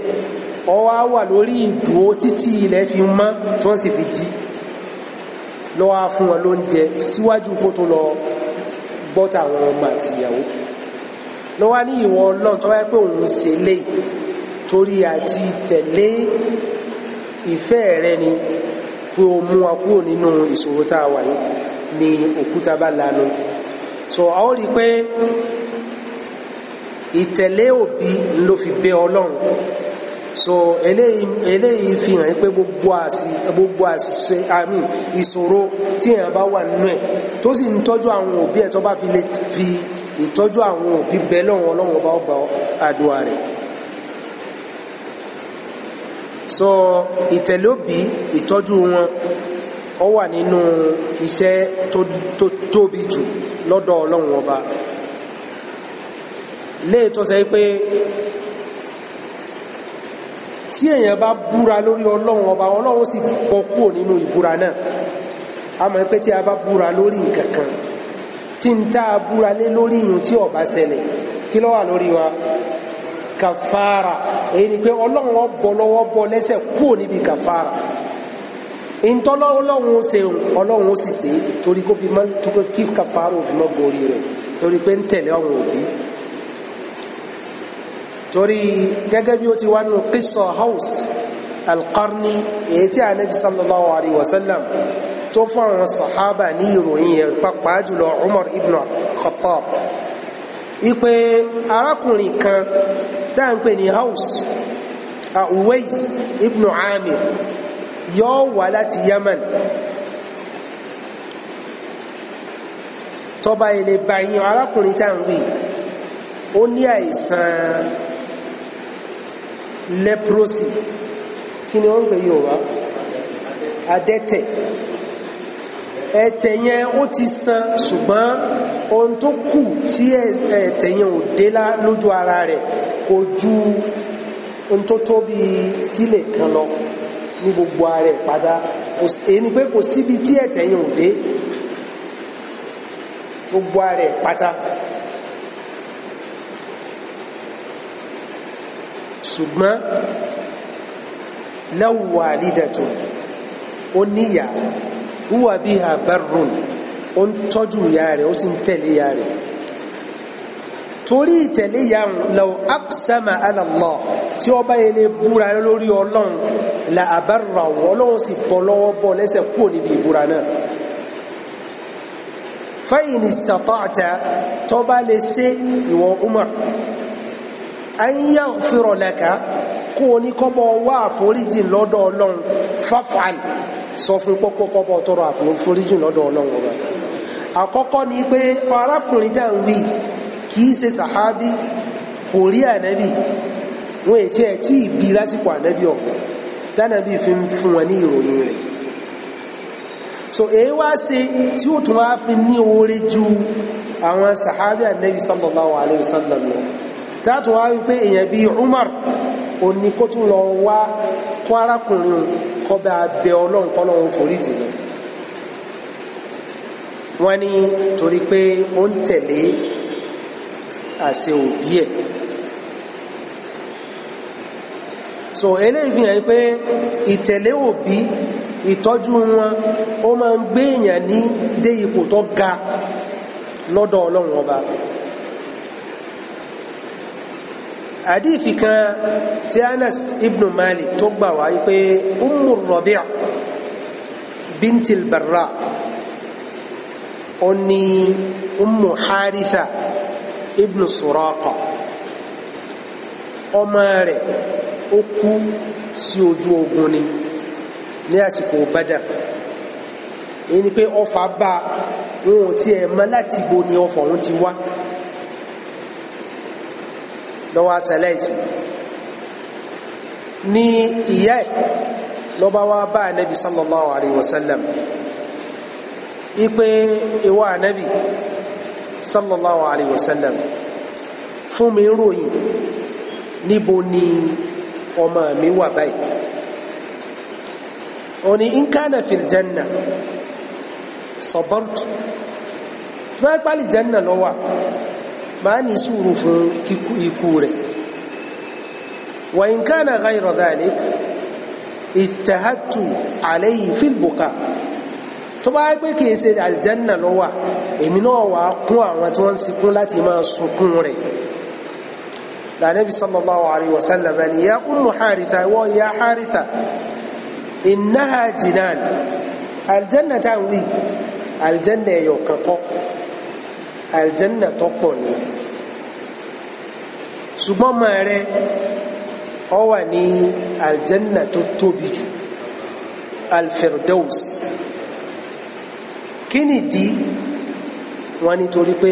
ó wá wà lórí ìdúó títí ilẹ̀ fi mọ́ tí wọ́n sì fi jí ló wá fún wọn lóúnjẹ síwájú kó tó lọ bọ́ta àwọn ọmọ àti ìyàwó ló ní ìwọ ọlọ́run tó wáyé pé òun ṣe lé e torí àti tẹ̀lé ìfẹ́ rẹ ni pé o mú wa kúrò nínú ìṣòro tá a wà ni òkúta bá lanu so a ó rí i pé ìtẹ̀lé òbí ló fi bẹ ọlọ́run so eléyìí eléyìí fi hàn pé gbogbo àṣì gbogbo àṣìṣe àmì ìṣòro tí èèyàn bá wà nínú ẹ̀ tó sì ń tọ́jú àwọn òbí ẹ̀ tó bá fi lè fi ìtọ́jú àwọn òbí bẹ lọ́wọ́ ọlọ́run ọba ọba àdúrà rẹ̀ so ìtẹ̀lé òbí ìtọ́jú wọn Ọ wà nínú iṣẹ́ tó tóbi jù lọ́dọ̀ ọlọ́run ọba léètọ́ pé tí èèyàn bá búra lórí ọlọ́run ọba ọlọ́run sì bọ́ kúrò nínú ìbúra náà a mọ̀ pé tí a bá búra lórí nǹkan kan tí ń tá a búra lé lórí ìyún tí ó ìntọ́lọ́ ọlọ́run ó ṣe ọlọ́run ó sì ṣe torí kó fi mọ́ kí kàfàárò fi mọ́ gorí rẹ̀ torí pé ń tẹ̀lé ọ̀run òbí torí gẹ́gẹ́ bí ó ti wá nù qissa Aws al-Qarni èyí tí Ànábì sallallahu alayhi wa sallam tó fún àwọn sàhábà ní ìròyìn yẹn pàápàá jùlọ Umar ibn Khattab ipe arákùnrin kan tá à ní Aws Uwais ibn Amir yóò wá láti Yemen tọba ilé báyìí arákùnrin tá à ń wí ó ní àìsàn leprosy kí ni wọ́n ń pè Yorùbá adẹ́tẹ̀ ẹ̀tẹ̀ yẹn ó ti san ṣùgbọ́n ohun tó kù tí ẹ̀tẹ̀ yẹn ò dé lójú ara rẹ̀ kò ju ohun tó tóbi sílẹ̀ kan lọ. ní gbogbo ààrẹ pátá ẹni pé kò síbi tí ẹ̀tẹ̀ yìí gbogbo ààrẹ pátá ṣùgbọ́n láwùwà lídàtò ó níyà wúwà bí i àbárùn ó ń tọ́jú ìyá rẹ̀ ó sì ń tẹ̀lé ìyá rẹ̀ torí ìtẹ̀lé ìyá lọ tí bá yẹ lè búra lórí ọlọ́run la a bɛ ra wɔlɔn si bɔlɔbɔ lɛsɛ ko ni bi bura nɛ fayin sitɔtɔɔta tɔba le se iwɔ umar an yi afirɔ la ka ko ni kɔbɔ wa afori di lɔdɔ lɔn fafan sɔfin kɔkɔ kɔbɔ tɔrɔ afori di lɔdɔ ni pe arakunrin ta wi k'i se sahabi kori anabi n'o ye tiɛ ti e bi lasi ko anabi o. tánàbí fi ń fún wọn ní ìròyìn rẹ̀ so èyí wá ṣe tí ó tún wá fi ní oore ju àwọn sàhábì ànábì sallallahu alayhi wa sallam lọ tààtù wá wípé èèyàn bíi Umar òní kó tún lọ wá kó arákùnrin kọba abẹ Ọlọ́run kọlọ́run forí jìnnà wọ́n ní torí pé ó ń tẹ̀lé àṣẹ òbí ẹ̀ so eléyìí fi hàn pé ìtẹ̀lé òbí ìtọ́jú wọn ó máa ń gbé èèyàn ní dé ipò tó ga lọ́dọ̀ ọlọ́run ọba àdífi kan tí Anas ibn Mali tó gbà wá wípé Ummu Rabi' bintil Barra ó ní Ummu Haritha ibn Suraqa ọmọ rẹ̀ ó kú sí ojú ogun ni ní àsìkò Badr èyí ni pé ọfà bá wọn ò tiẹ̀ mọ̀ láti bo ni ọfà òun ti wá lọ́wọ́ asẹ̀lẹ́sì ní ìyá ẹ̀ lọ́ba wá bá ànábì sallallahu alayhi wa sallam ipe ìwà ànábì sallallahu alayhi wa sallam fún mi ròyìn níbo ni. Ni ọmọ mi wà báyìí ó ní in kana fil janna sabartu tó bá pálí janna ló wà máa ní sùúrù fún ikú rẹ̀ wa in kana ghayra dhalik ijtahadtu alayhi fil tó bá pé kìí ṣe àlìjánà ló èmi náà wà kún àwọn tí wọ́n ń sunkún láti máa sunkún rẹ̀ lànàbí sallallahu alayhi wa sallam ẹni ya ummu haritha wọ ya haritha innaha jinan aljanna tá ń wí aljanna ẹ̀yọ̀ kankan aljanna tó pọ̀ ni ṣùgbọ́n ọmọ rẹ ọ wà ní aljanna tó tóbi jù alfirdaus kí nìdí wọn nítorí pé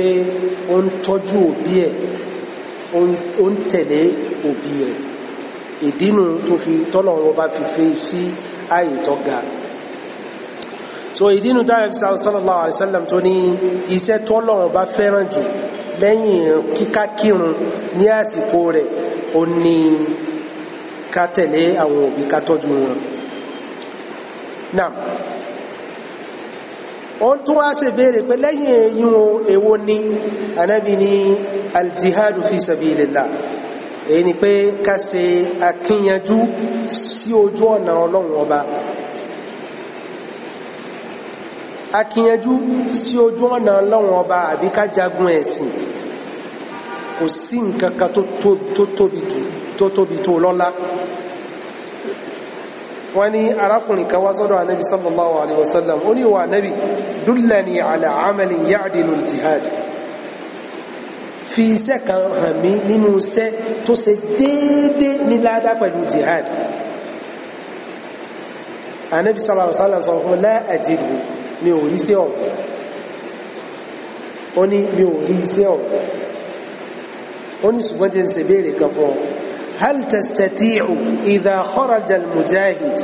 ó ń tọ́jú òbí ẹ̀ ó ń tẹ̀lé òbí rẹ̀ ìdínú tó fi tọ́lọ̀ wọn bá fi fi sí ààyè tó ga so ìdínú tààrẹ sallallahu alaihi wasallam tó ní iṣẹ́ tọ́lọ̀ wọn bá fẹ́ràn jù lẹ́yìn kíká kírun ní àsìkò rẹ̀ ó ní ká tẹ̀lé àwọn òbí ká tọ́jú wọn náà ó tún wá ṣe béèrè pé lẹ́yìn eyín èwo ni anábì ní aljihadu fi sabilillah èyí ni pé ká ṣe akínyanjú sí ojú ọ̀nà ọlọ́run ọba akínyanjú sí ojú ọ̀nà ọlọ́run ọba àbí ká jagun ẹ̀sìn kò sí nǹkan kan tó tóbi tó lọ́lá wọ́n ní arákùnrin kan wá sọ́dọ̀ anabi sallallahu alayhi wa sallam ó ní wa anabi dullani ala amalin ya'dilu jihad fi iṣẹ́ kan hàn mí nínú iṣẹ́ tó ṣe déédé ní ládá pẹ̀lú jihad anabi sallallahu alayhi wa sọ fún la ajidu mi ò rí sí ọ̀hún ó ní mi ò rí sí ọ̀hún ó ní ṣùgbọ́n jẹ́ ń ṣe béèrè kan fún ọ هل تستطيع إذا خرج المجاهد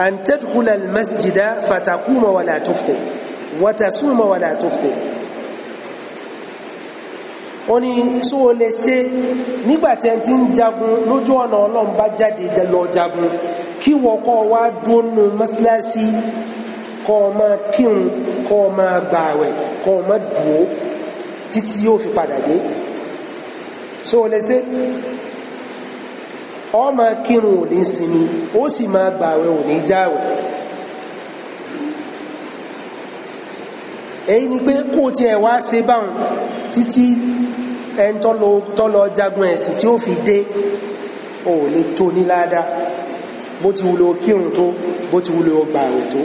أن تدخل المسجد فتقوم ولا تفطر وتصوم ولا تفطر wọ́n ní sọ o lè ṣe nígbàtí ẹni tí ń jagun lójú ọ̀nà ọlọ́run bá jáde lọ jagun kí wọ́n kọ́ wá dúnú mọ́síláṣí kọ́ ọ máa kírun kọ́ ọ máa gbààwẹ̀ kọ́ ọ máa dùn ó fi padà dé sọ o lè ṣe ọ máa kírun ò ní sinmi ó sì máa gbàwẹ̀ ò ní jáwẹ̀ èyí ni pé kó tiẹ̀ wá ṣe báwọn títí ẹni tọ́lọ tọ́lọ jagun ẹ̀sìn tí ó fi dé ò lè tó ní ládá bó ti wúlò kírun tó bó ti wúlò gbàwẹ̀ tó.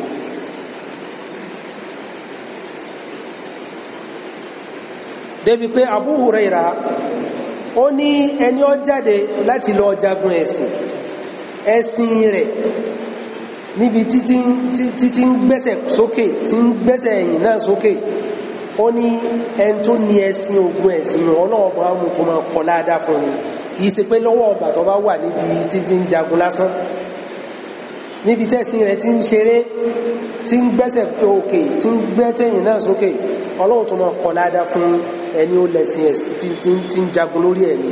débi pé Abu Huraira ó ní ẹni ó jáde láti lọ jagun ẹ̀sìn ẹ̀sìn rẹ̀ níbi títí ń gbẹ́sẹ̀ sókè tí ń gbẹ́sẹ̀ ẹ̀yìn náà sókè ó ní ẹni tó ní ẹ̀sìn ogun ẹ̀sìn ọlọ́ọ̀bọ̀ amútùmọ̀ kọ̀ láadáa fún ni kì í ṣe pé lọ́wọ́ ọgbà tó bá wà níbi títí ń jagun lásán níbi tẹ́sìn rẹ̀ ti ń ṣeré tí ń gbẹ́sẹ̀ òkè tí ń gbẹ́tẹ̀yìn náà sókè ọlọ́run tó máa kọ́ ládá fún ẹni ó lẹ̀sìn ẹ̀sìn tí ń jagun lórí ẹ̀ ni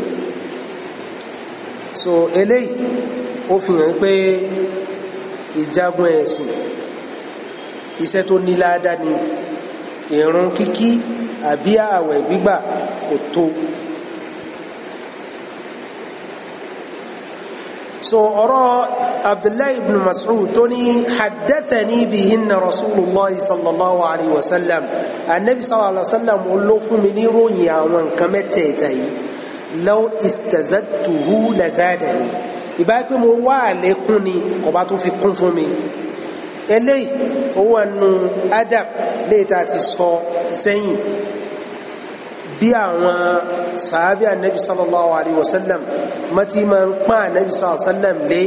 so eléyìí ó fi hàn pé ìjagun ẹ̀sìn iṣẹ́ tó ní ládá ni ìrun kíkí àbí ààwẹ̀ gbígbà kò tó so ọ̀rọ̀ abdullahi ibn mas'ud tó ní haddathani bihinna rasulullah sallallahu alayhi wa sallam anabi sallallahu alayhi wa sallam ló fún mi ní ròyìn àwọn nǹkan mẹ́tẹ̀ẹ̀ta yìí law istazadtuhu lazadani ìbá pé mo wá àlékún ni kò bá fi kún fún mi eléyìí ó wà nù adab ti sọ sẹ́yìn bí àwọn sàábí ànábì sallallahu alayhi wa sallam mọ́tí máa ń pa ànábì sallallahu alayhi wa sallam lé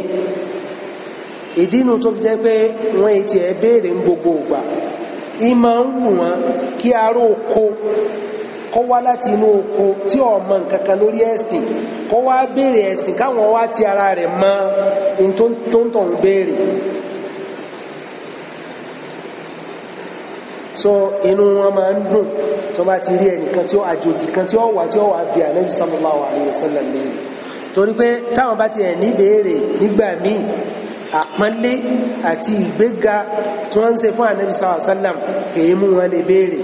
ìdí inú tó fi gbogbo ògbà ń wù wọ́n oko kọwa wá láti inú oko tí ọmọ nǹkan kan lórí ẹ̀sìn kó wá béèrè ẹ̀sìn káwọn wá ti ara so inú wọn máa ń dùn tó bá ti rí ẹnìkan tí ó àjòjì kan tí ó wà tí ó wà bí ànábì sallallahu alayhi wa sallam léèrè torí pé táwọn bá ti ẹ̀ ní béèrè nígbà míì àpọ́nlé àti ìgbéga tí wọ́n ń ṣe fún ànábì sallallahu alayhi wa sallam kìí mú wọn lè béèrè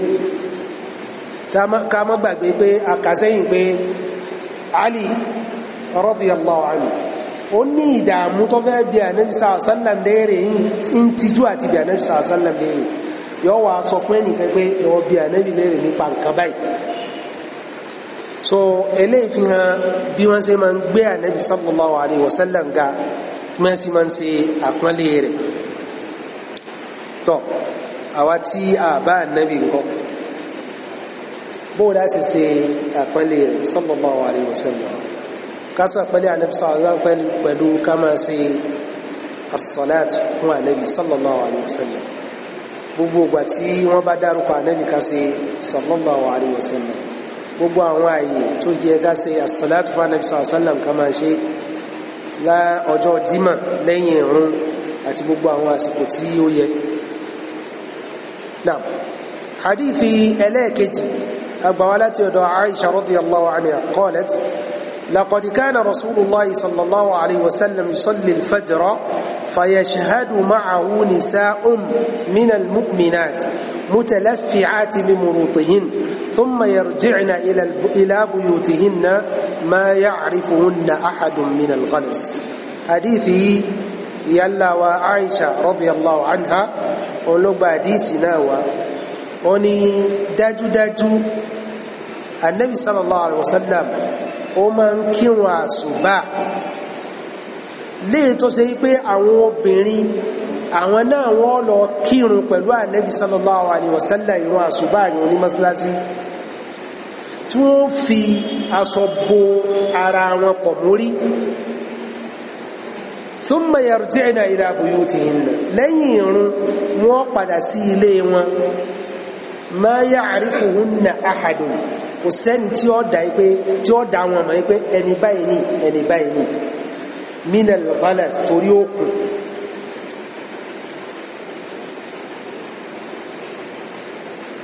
ká má gbàgbé pé àkàsẹ́yìn pé Ali radiyallahu anhu ó ní ìdààmú tó fẹ́ bí ànábì sallallahu léèrè ń tijú àti bí ànábì sallallahu léèrè yọ wà sọ fún ẹnìkan pé lọ bí ànábì léèrè nípa nǹkan báyìí so eléyìí fi hàn bí wọ́n ṣe máa ń gbé ànábì sallallahu alayhi wa sallam ga wọ́n sì máa ń ṣe àpọ́nlé rẹ̀ tọ́ àwa tí a bá ànábì nǹkan bóòlá sì ṣe àpọ́nlé rẹ̀ sallallahu alayhi wa sallam kásán pẹ̀lú ànábì sallallahu alayhi wa sallam pẹ̀lú ká máa ṣe as fún ànábì sallallahu alayhi wa sallam gbogbo ìgbà tí wọ́n bá dárúkọ ànábì ká ṣe sallallahu alayhi wa sallam gbogbo àwọn ààyè tó yẹ ká ṣe as-salatu fún ànábì sallallahu alayhi wa sallam ká máa ṣe lá ọjọ́ jímọ̀ lẹ́yìn ìrun àti gbogbo àwọn àsìkò tí ó yẹ. náà hadithi ẹlẹ́ẹ̀kejì agbawa láti ọ̀dọ̀ Aisha radiyallahu anha qalat laqad kana rasulullahi sallallahu alayhi wa sallam yusalli al فيشهد معه نساء من المؤمنات متلفعات بمروطهن ثم يرجعن إلى إلى بيوتهن ما يعرفهن أحد من الغلس حديثي يلا وعائشة رضي الله عنها ولو حديثنا وني داجو داجو النبي صلى الله عليه وسلم ومن كن وعصبا léè tó ṣe pé àwọn obìnrin àwọn náà wọ́n lọ kírun pẹ̀lú ànẹ́bí sallallahu alaihi wasallam ìrun àṣùbá àyàn ní mọ́sálásí tí wọ́n fi aṣọ bo ara wọn pọ̀ mórí thumma yarji'na ila buyutihinna lẹ́yìn ìrun wọ́n padà sí ilé wọn ma ya'rifuhunna ahadun kò sẹ́ni tí ó dá wọn mọ̀ pé ẹni báyìí ni ẹni báyìí ni minal ghalas torí òkun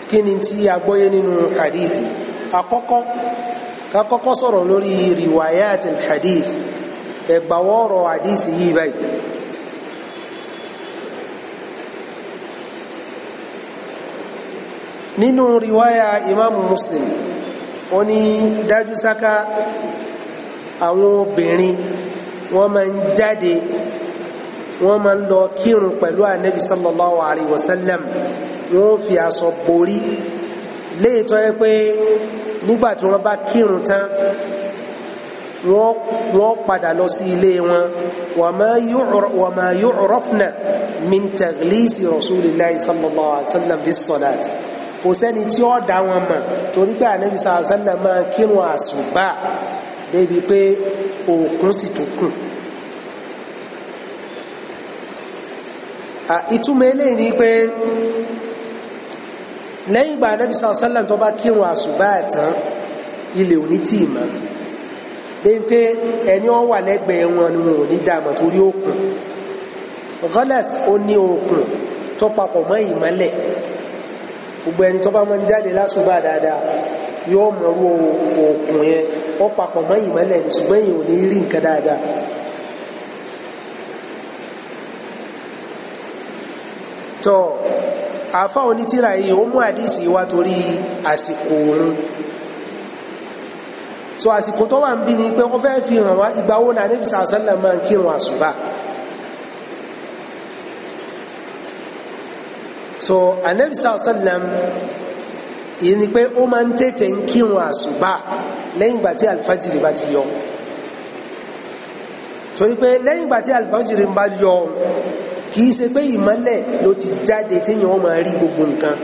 kí ni tí a gbọ́yé nínú hadith àkọ́kọ́ kakọ́kọ́ sọ̀rọ̀ lórí riwayat alhadith ẹgbàwọ́rọ̀ hadith yìí báyìí nínú riwaya imam muslim ó dájú sáká àwọn obìnrin wọ́n máa ń jáde wọ́n máa ń lọ kírun pẹ̀lú anabi sallallahu alayhi wa sallam wọ́n fi aṣọ borí léètọ́ yẹ pé nígbà tí wọ́n bá kírun tán wọ́n padà lọ sí ilé wọn wa ma yu'rafna min taglisi rasulillahi sallallahu alayhi wa sallam bis salat kò sẹ́ni tí ó dá wọn mọ̀ torí pé anabi sallallahu alayhi wa sallam máa kírun àsùbá débi pé òkun sì tún kùn. ìtumọ̀ eléyìí ni pé lẹ́yìn ìgbà anábì sàlọ́ sálàm tó bá kírun àṣùbà tán ilẹ̀ ò ní tì í mọ́ lẹ́yìn pé ẹni wọ́n wà lẹ́gbẹ̀ẹ́ wọn ni wọn ò ní dààmú torí òkun gọ́lẹ̀s ó ní òkun tó papọ̀ mọ́ ìmọ́lẹ̀ gbogbo ẹni tó bá máa ń jáde lásùbà dáadáa yóò mọ̀ ọ́ òkun yẹn ó papọ̀ mọ́ ìmọ́lẹ̀ ṣùgbọ́n èèyàn ò ní rí nǹkan dáadáa. tó àfa onítìrà yìí ó mú àdìsí wá torí àsìkò òun so àsìkò tó wà ń bí ni pé ó fẹ́ fi hàn wá ìgbà wo náà níbi sàásánlẹ̀ máa ń kírun àsùbà so anabi sàásánlẹ̀ yìí ni pé ó máa ń tètè ń kírun àsùbà lẹ́yìn ìgbà tí alifájìrì bá ti yọ torí pé lẹ́yìn ìgbà tí alifájìrì bá yọ kìí se pé ìmọ́lẹ̀ ló ti jáde téèyàn ó máa rí gbogbo nǹkan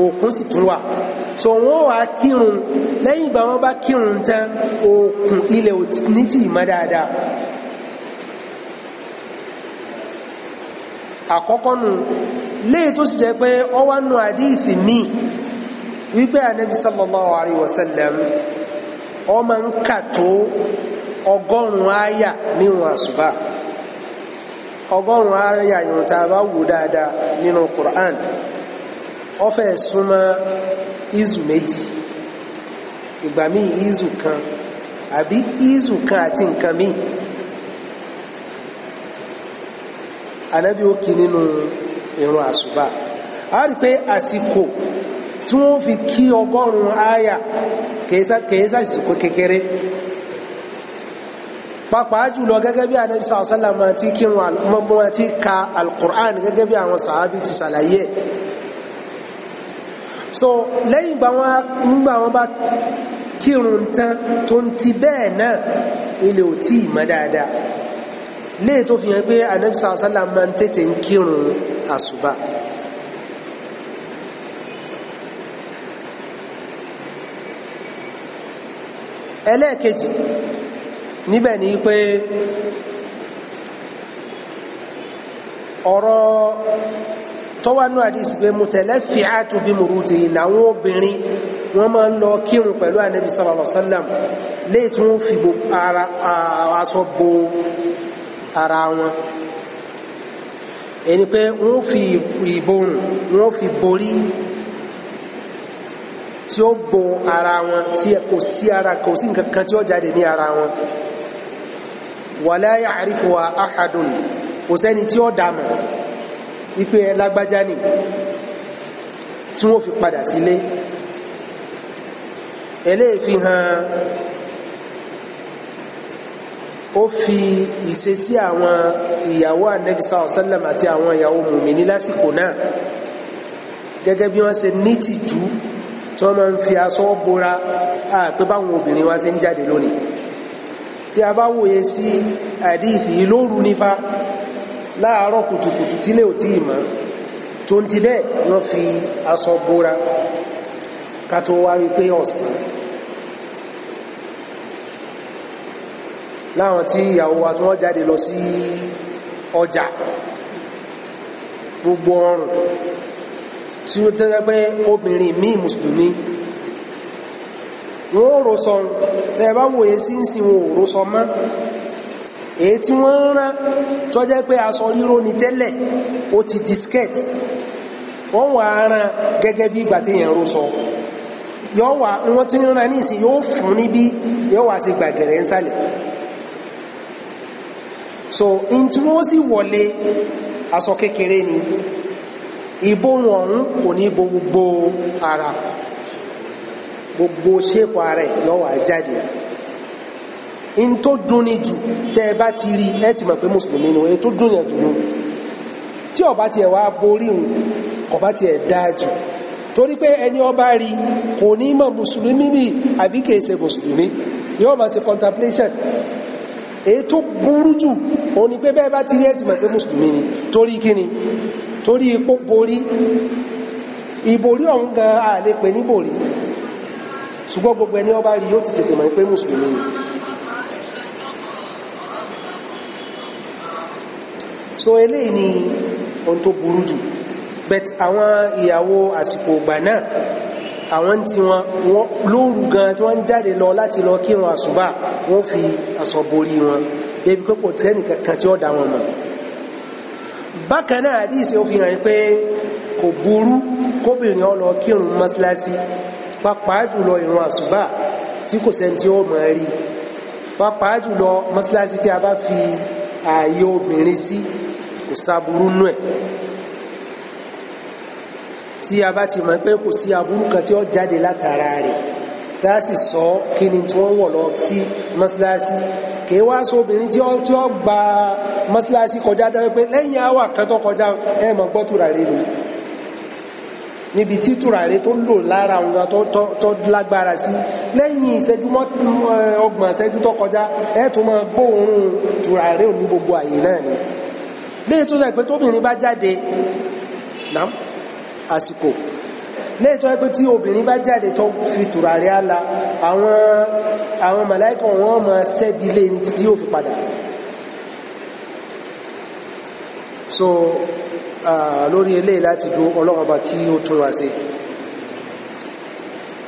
òkun sì tún wà tó wọ́n wá kírun lẹ́yìn ìgbà wọ́n bá kírun tán òkun ilẹ̀ ní tì mọ́ dáadáa àkọ́kọ́ nù léè tó sì jẹ́ pé ọ wá nù àdíìtì míì wípé ànábi sallallahu alayhi wa sallam ọ máa ń kà tó ọgọ́rùn-ún àyà níwọ̀n àsùbá. ọgọ́rùn-ún àáyà ìrun tá a bá wù dáadáa nínú Qur'an súnmọ́ izu méjì ìgbà míì izu kan àbí izu kan àti nǹkan míì ànábì ó kí nínú ìrun àsùbà a rí pé àsìkò tí wọ́n fi kí ọgọ́rùn-ún àáyà kèésà kèésà ìsìnkú kékeré. pàápàá jùlọ gẹ́gẹ́ bí anabi sàlọ sàlám àti kírun mọmọ àti ka alukur'an gẹ́gẹ́ bí àwọn sàábì ti sàlàyé so lẹ́yìn ìgbà wọn nígbà wọn bá kírun tán tó ń ti bẹ́ẹ̀ náà ilẹ̀ ò tí ì mọ́ dáadáa léè tó fi hàn pé anabi sàlọ sàlám tètè ń kírun àsùbà. ẹlẹ́ẹ̀kejì níbẹ̀ ni pé ọ̀rọ̀ tọ́wánú àdìsí pé mutalafi'atu bi muruti làwọn obìnrin wọ́n máa ń lọ kírun pẹ̀lú ànábi sallallahu alaihi wasallam léè tí wọ́n fi aṣọ bo ara wọn ẹni pé wọ́n fi ìborùn wọ́n fi borí tí ó bo ara wọn tí kò sí ara kò sí nǹkan kan tí ó jáde ní ara wọn wàlá ya'rifuha ahadun kò sẹ́ni tí ó dàmọ̀ wípé ẹ lágbájá ni tí wọ́n fi padà sílé eléyìí fi hàn ó fi ìṣesí àwọn ìyàwó Ànábì sallallahu alaihi wasallam àti àwọn ìyàwó mùmíní lásìkò náà gẹ́gẹ́ bí wọ́n ṣe nítìjú tí wọ́n máa ń fi aṣọ bora àpé báwọn obìnrin wa ṣe ń jáde lónìí tí a bá wòye sí àdíìfì lóru nífa láàárọ̀ kùtùkùtù tílé ò tí ì mọ́ tó ń ti bẹ́ẹ̀ wọ́n fi aṣọ bóra ká tó wá wípé ọ̀sán láwọn tí ìyàwó wa tí wọ́n jáde lọ sí ọjà gbogbo ọrùn tí ó tẹ́lẹ̀ obìnrin míì mùsùlùmí wọ́n ò rò sọ tẹ́ bá wòye sí ń sin wọn ò rò sọ tí wọ́n ń rán tó jẹ́ pé aṣọ ríro ni tẹ́lẹ̀ ó ti disket wọ́n wà rán gẹ́gẹ́ bí ìgbà tí yẹn yóò wà fún níbí yóò wà sí gbàgẹ̀rẹ̀ ń sàlẹ̀ so in tí wọ́n sì wọlé aṣọ kékeré ni ìbò wọn kò ara gbogbo ṣépù ara ẹ̀ lọ́wọ́ àjáde in tó dúnni jù tẹ́ ẹ bá ti rí ẹ ti mọ̀ pé mùsùlùmí nu ẹ tó dúnni jù nu tí ọba tiẹ̀ wá borí òun ọba tiẹ̀ dáa jù torí pé ẹni ọba rí kò ní mọ̀ mùsùlùmí ni àbí kìí ṣe mùsùlùmí yóò máa ṣe contemplation èyí tó burú jù òun ni pé bẹ́ẹ̀ bá ti rí ẹ ti mọ̀ pé mùsùlùmí ni torí kí torí ipò borí ìborí ọ̀hún gan a lè ní borí ṣùgbọ́n gbogbo ẹni ọba rí yóò ti tètè mọ̀ pé mùsùlùmí ni so eléyìí ni ohun tó burú jù but àwọn ìyàwó àsìkò ìgbà náà àwọn tí wọn lóru gan tí wọn ń jáde lọ láti lọ kírun àsùbà wọn fi aṣọ borí wọn débi pé kò tẹ́nì kankan tí ó dá wọn mọ̀ bákan náà àdíṣe ó fi hàn pé kò burú kóbìnrin ó lọ kírun mọ́sálásí pàápàá jùlọ ìrun àsùbá tí kò sẹ́ni tí ó máa rí pàápàá jùlọ mọ́sálásí tí a bá fi ààyè obìnrin sí kò sáburú nú ẹ̀ tí a bá ti mọ̀ pé kò sí aburú kan tí ó jáde látara rẹ̀ tá a sì sọ kí ni tí wọ́n wọ̀ lọ sí mọ́sálásí kì í wá sọ obìnrin tí ó gba mọ́sálásí kọjá dáwé pé lẹ́yìn àwa kan tó kọjá ẹ̀ mọ̀ gbọ́tura rẹ̀ nìyí níbi tí tùràrí tó lò lára nǹkan tó lágbára sí lẹ́yìn ìṣẹ́jú eh, ọgbọ̀n ìṣẹ́jú tó kọjá ẹ tún máa gbóòórùn tùràrí òní gbogbo àyè náà ni léyìí tó sẹ́pẹ́ tóbìnrin bá jáde nám àsìkò léyìí tó sẹ́pẹ́ tí obìnrin bá jáde tó fi tùràrí ala àwọn àwọn màláìkà wọn máa ṣẹ́bi lé ní títí yóò fi padà so lórí ilé láti dúró ọlọ́run ọba kí ó tún wá sí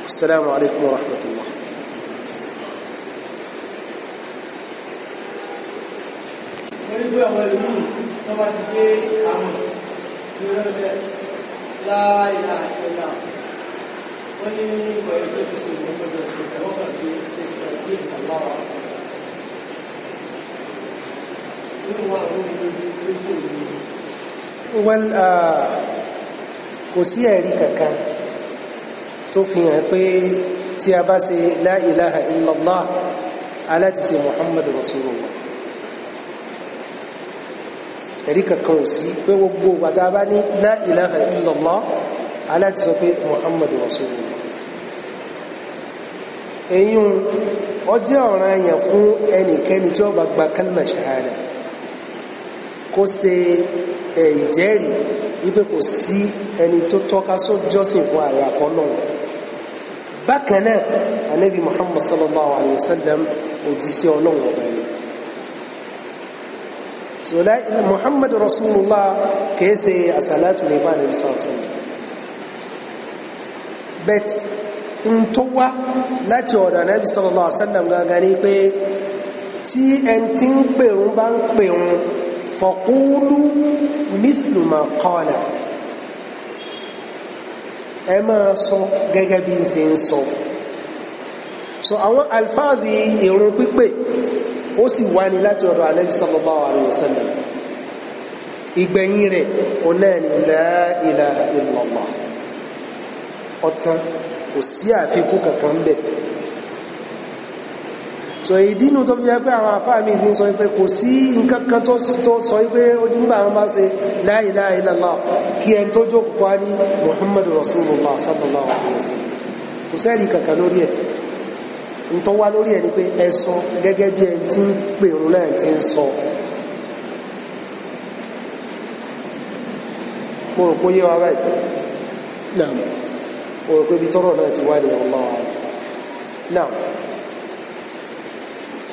assalamu alaikum wa rahmatullah wọ́n ní àwọn ìlú tó wọ́n uh, kò sí ẹ̀rí kankan tó fi hàn pé tí a bá ṣe la ilaha illallah aláti ṣe muhammadu rasulullah ẹ̀rí kankan ò sí pé gbogbo bàtà bá ní la ilaha illallah pé muhammadu rasulullah èyí ọjọ́ ọ̀ranyàn fún ẹnikẹ́ni tí ó bá gba kalmà shahada kó ṣe ìjẹ́rìí wípé kò sí ẹni tó tọ́ka sójọ́sìn fún àyàkọ́ náà bákan náà anabi muhammad sallallahu alayhi wa sallam òjíṣẹ́ ọlọ́run ọba ni sọlá muhammad rasulullah kìí asalatu àṣàlátù lè bá anabi sallallahu alayhi wa sallam bet n tó wá láti ọ̀dọ̀ anabi sallallahu alayhi wa sallam gangan ni pé tí ẹni tí ń pèrún bá ń pèrún fọ̀kúlù mithlu ma qala ẹ máa sọ gẹ́gẹ́ bí n ṣe ń sọ so àwọn alfáàdì ìrun pípé ó sì wá ní láti ọ̀dọ̀ Ànábì sallallahu alayhi wa sallam ìgbẹ̀yìn rẹ̀ ó náà ní la ilaha illallah ọ̀tán kò sí àfikún kankan bẹ́ẹ̀ so ìdínú tó fi jẹ́ pé àwọn àfáà mi fi sọ pé kò sí nǹkan kan tó sọ pé ó ti ń bá àwọn bá ṣe la ilaha illallah kí ẹni tó jókòó wá ní muhammadu rasulullah sallallahu alaihi wasallam kò sẹ́ẹ̀rì kankan lórí ẹ̀ ń tó wá lórí ẹ̀ ni pé ẹ sọ gẹ́gẹ́ bí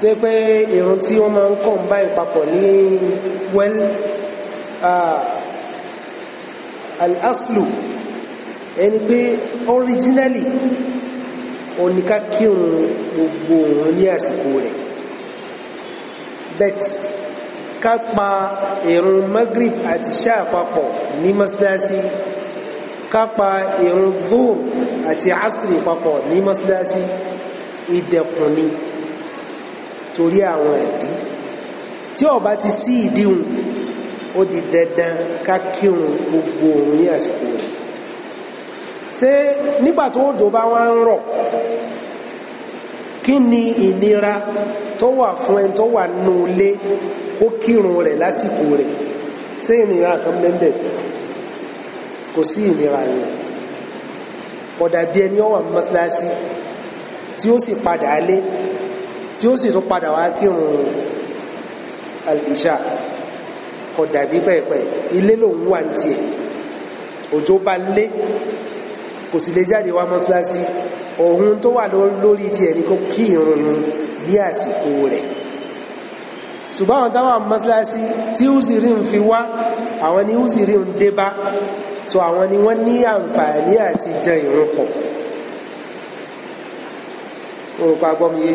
ṣé pé irun tí wọ́n máa ń kàn báyìí papọ̀ ní well ah, al-aslu ẹni pé originally oníká kírun gbogbo òun ní àsìkò rẹ̀ bet ká pa irun magrib àti ṣáà papọ̀ ní mọ́síláṣí ká pa irun dhuhr àti asri papọ̀ ní mọ́síláṣí ìdẹ̀kùn ni. Maslasi, torí àwọn ìdí tí ó bá ti sí ìdíhun ó di dandan ká kírun gbogbo òun ní àsìkò rẹ̀ ṣé nígbà tó òjò bá wá ń rọ̀ kí ni ìnira tó wà fún ẹni tó wà nínú ilé kó kírun rẹ̀ lásìkò rẹ̀ ṣé ìnira kan bẹ́ẹ̀ kò sí ìnira yẹn ọ̀dà ẹni ó wà tí ó sì padà lé tí ó sì tún padà wá kírun al-isha kò dàbí pẹ̀pẹ̀ ilé lòun wà ní tiẹ̀ òjò bá lé kò sì lè jáde wá mọ́sálásí ohun tó wà lórí tiẹ̀ ní kó kí irun bí àsìkò rẹ̀ ṣùgbọ́n àwọn táwọn mọ́sálásí tí uziri ń fi wá àwọn ni uziri ń dé so àwọn ni wọ́n ní àǹfààní àti jẹ irun pọ̀ orúkọ agbọ́miyé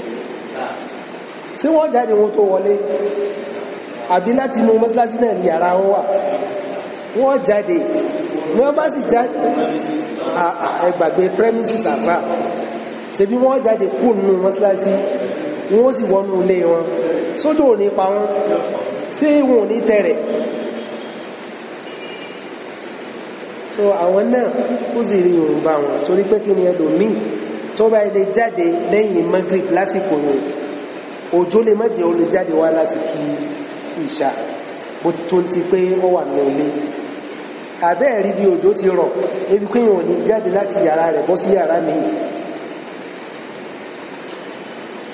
tí wọ́n jáde wọn tó wọlé àbí láti inú mọ́sálásí náà ní yàrá wọn wà wọ́n jáde wọ́n bá sì jáde ẹgbàgbé premises àfà ṣebí wọ́n jáde kú nínú mọ́sálásí wọ́n sì wọnú ilé wọn sódò ò ní pa wọn sí ìwọ̀n ò ní tẹ̀rẹ̀ so àwọn náà ó sì rí òun bá wọn torí pé kí ni ẹlòmíì tó bá ilé jáde lẹ́yìn magrib lásìkò yìí òjò lè má jẹ́ ó lè jáde wá láti kí ìṣà bó tó ti pé ó wà ní ilé àbẹ́ẹ̀rí bí òjò ti rọ̀ ebi kéèyàn ò ní jáde láti yàrá rẹ̀ bọ́ sí yàrá mi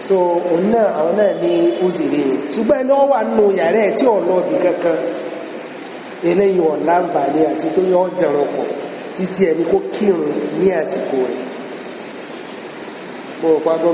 so òun náà àwọn náà ní òsèré rẹ̀ ṣùgbọ́n ẹni wọ́n wà nù yàrá ẹ̀ tí ò lọ bì kankan eléyìí ọ̀ láǹfààní àti pé yọ jẹran pọ̀ títí ẹni kó kírun ní àsìkò rẹ̀ mo rò pa gbọ́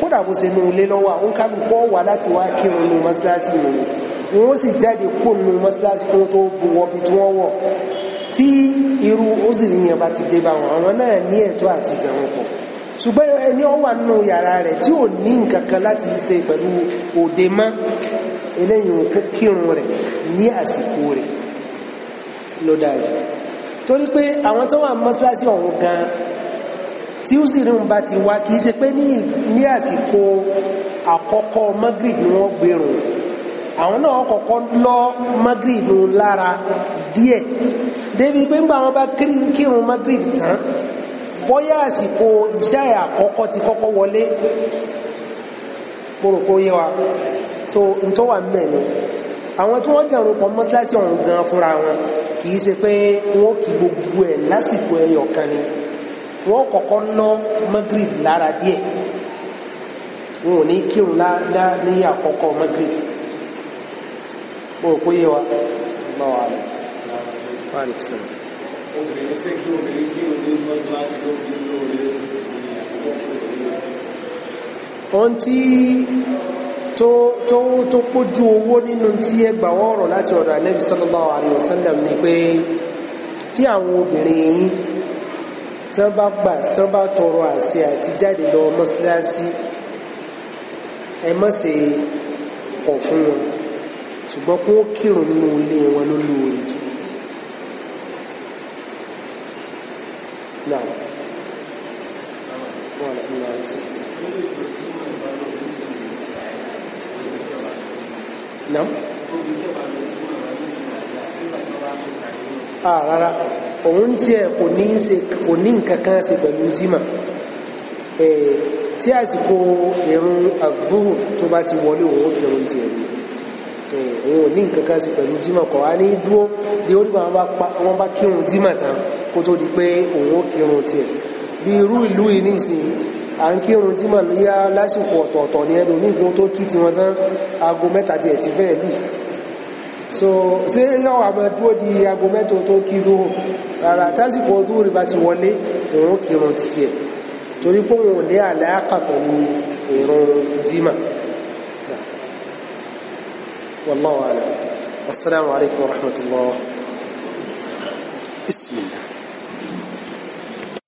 kódà bó ṣe nu ilé lọ́wọ́ àwọn kálukọ́ wà láti wá kírun nu mọ́sálásí wọn wọn sì jáde kó nu mọ́sálásí kó tó wọ bí tí wọ́n wọ̀ tí irú òsìrí yẹn bá ti dé bá wọn àwọn náà ní ẹ̀tọ́ àti ìjẹun pọ̀ ṣùgbọ́n ẹni ó wà nínú yàrá rẹ̀ tí ò ní nǹkan kan láti ṣe pẹ̀lú òde mọ́ eléyìí kó kírun rẹ̀ ní àsìkò rẹ̀ ló dáa torí pé àwọn tó wà mọ́sálásí ọ̀hún gan tí ó sì rìn bá ti wá kìí ṣe pé ní àsìkò àkọ́kọ́ magrib ni wọ́n gbèrún àwọn náà kọ́kọ́ lọ magrib lára díẹ̀ débi pé ńgbà wọn bá kírun magrib tán bóyá àsìkò ìṣáà àkọ́kọ́ ti kọ́kọ́ wọlé mo rò pé yé wa so n tó wà mẹ́nu àwọn tí wọ́n jẹun pọ̀ mọ́sálásí ọ̀hún gan fúnra wọn kìí ṣe pé wọ́n kì gbogbo ẹ̀ lásìkò ẹyọ ni. wọ́n kọ́kọ́ ná magrib lára díẹ̀ wọn ò ní kírun lá ní àkọ́kọ́ magrib wọn ò pé yé wa báwa wà ní kìsìn. ní ohun tí tó tó owó nínú tí ẹ gbà láti ọ̀dọ̀ ni pé tí àwọn obìnrin yìí tí wọ́n bá gbà tí wọ́n bá tọrọ àṣẹ àti jáde lọ mọ́síláṣí ẹ má ṣe kọ̀ fún wọn ṣùgbọ́n kó kírun nínú ilé wọn ló lò rí náà wọ́n lè òun tiẹ̀ kò ní ṣe kò ní nǹkan kan ṣe pẹ̀lú jimá tí àsìkò àgbóhùn tó bá ti wọlé òun ni òun ò ní nǹkan kan ṣe di wọn bá jimá tán kó tó di pé òun ó bí irú ìlú yìí nísìnyí à ń jimá níyà lásìkò ọ̀tọ̀ọ̀tọ̀ so ṣé yọ àmọ́ dúró di aago mẹ́tò tó kí lóhùn rárá tásìkò ọdún rẹ̀ bá ti wọlé òun kírun títí ẹ̀ torí pé òun ò ní pẹ̀lú ìrun jimá wallahu a'lam assalamu alaikum warahmatullah bismillah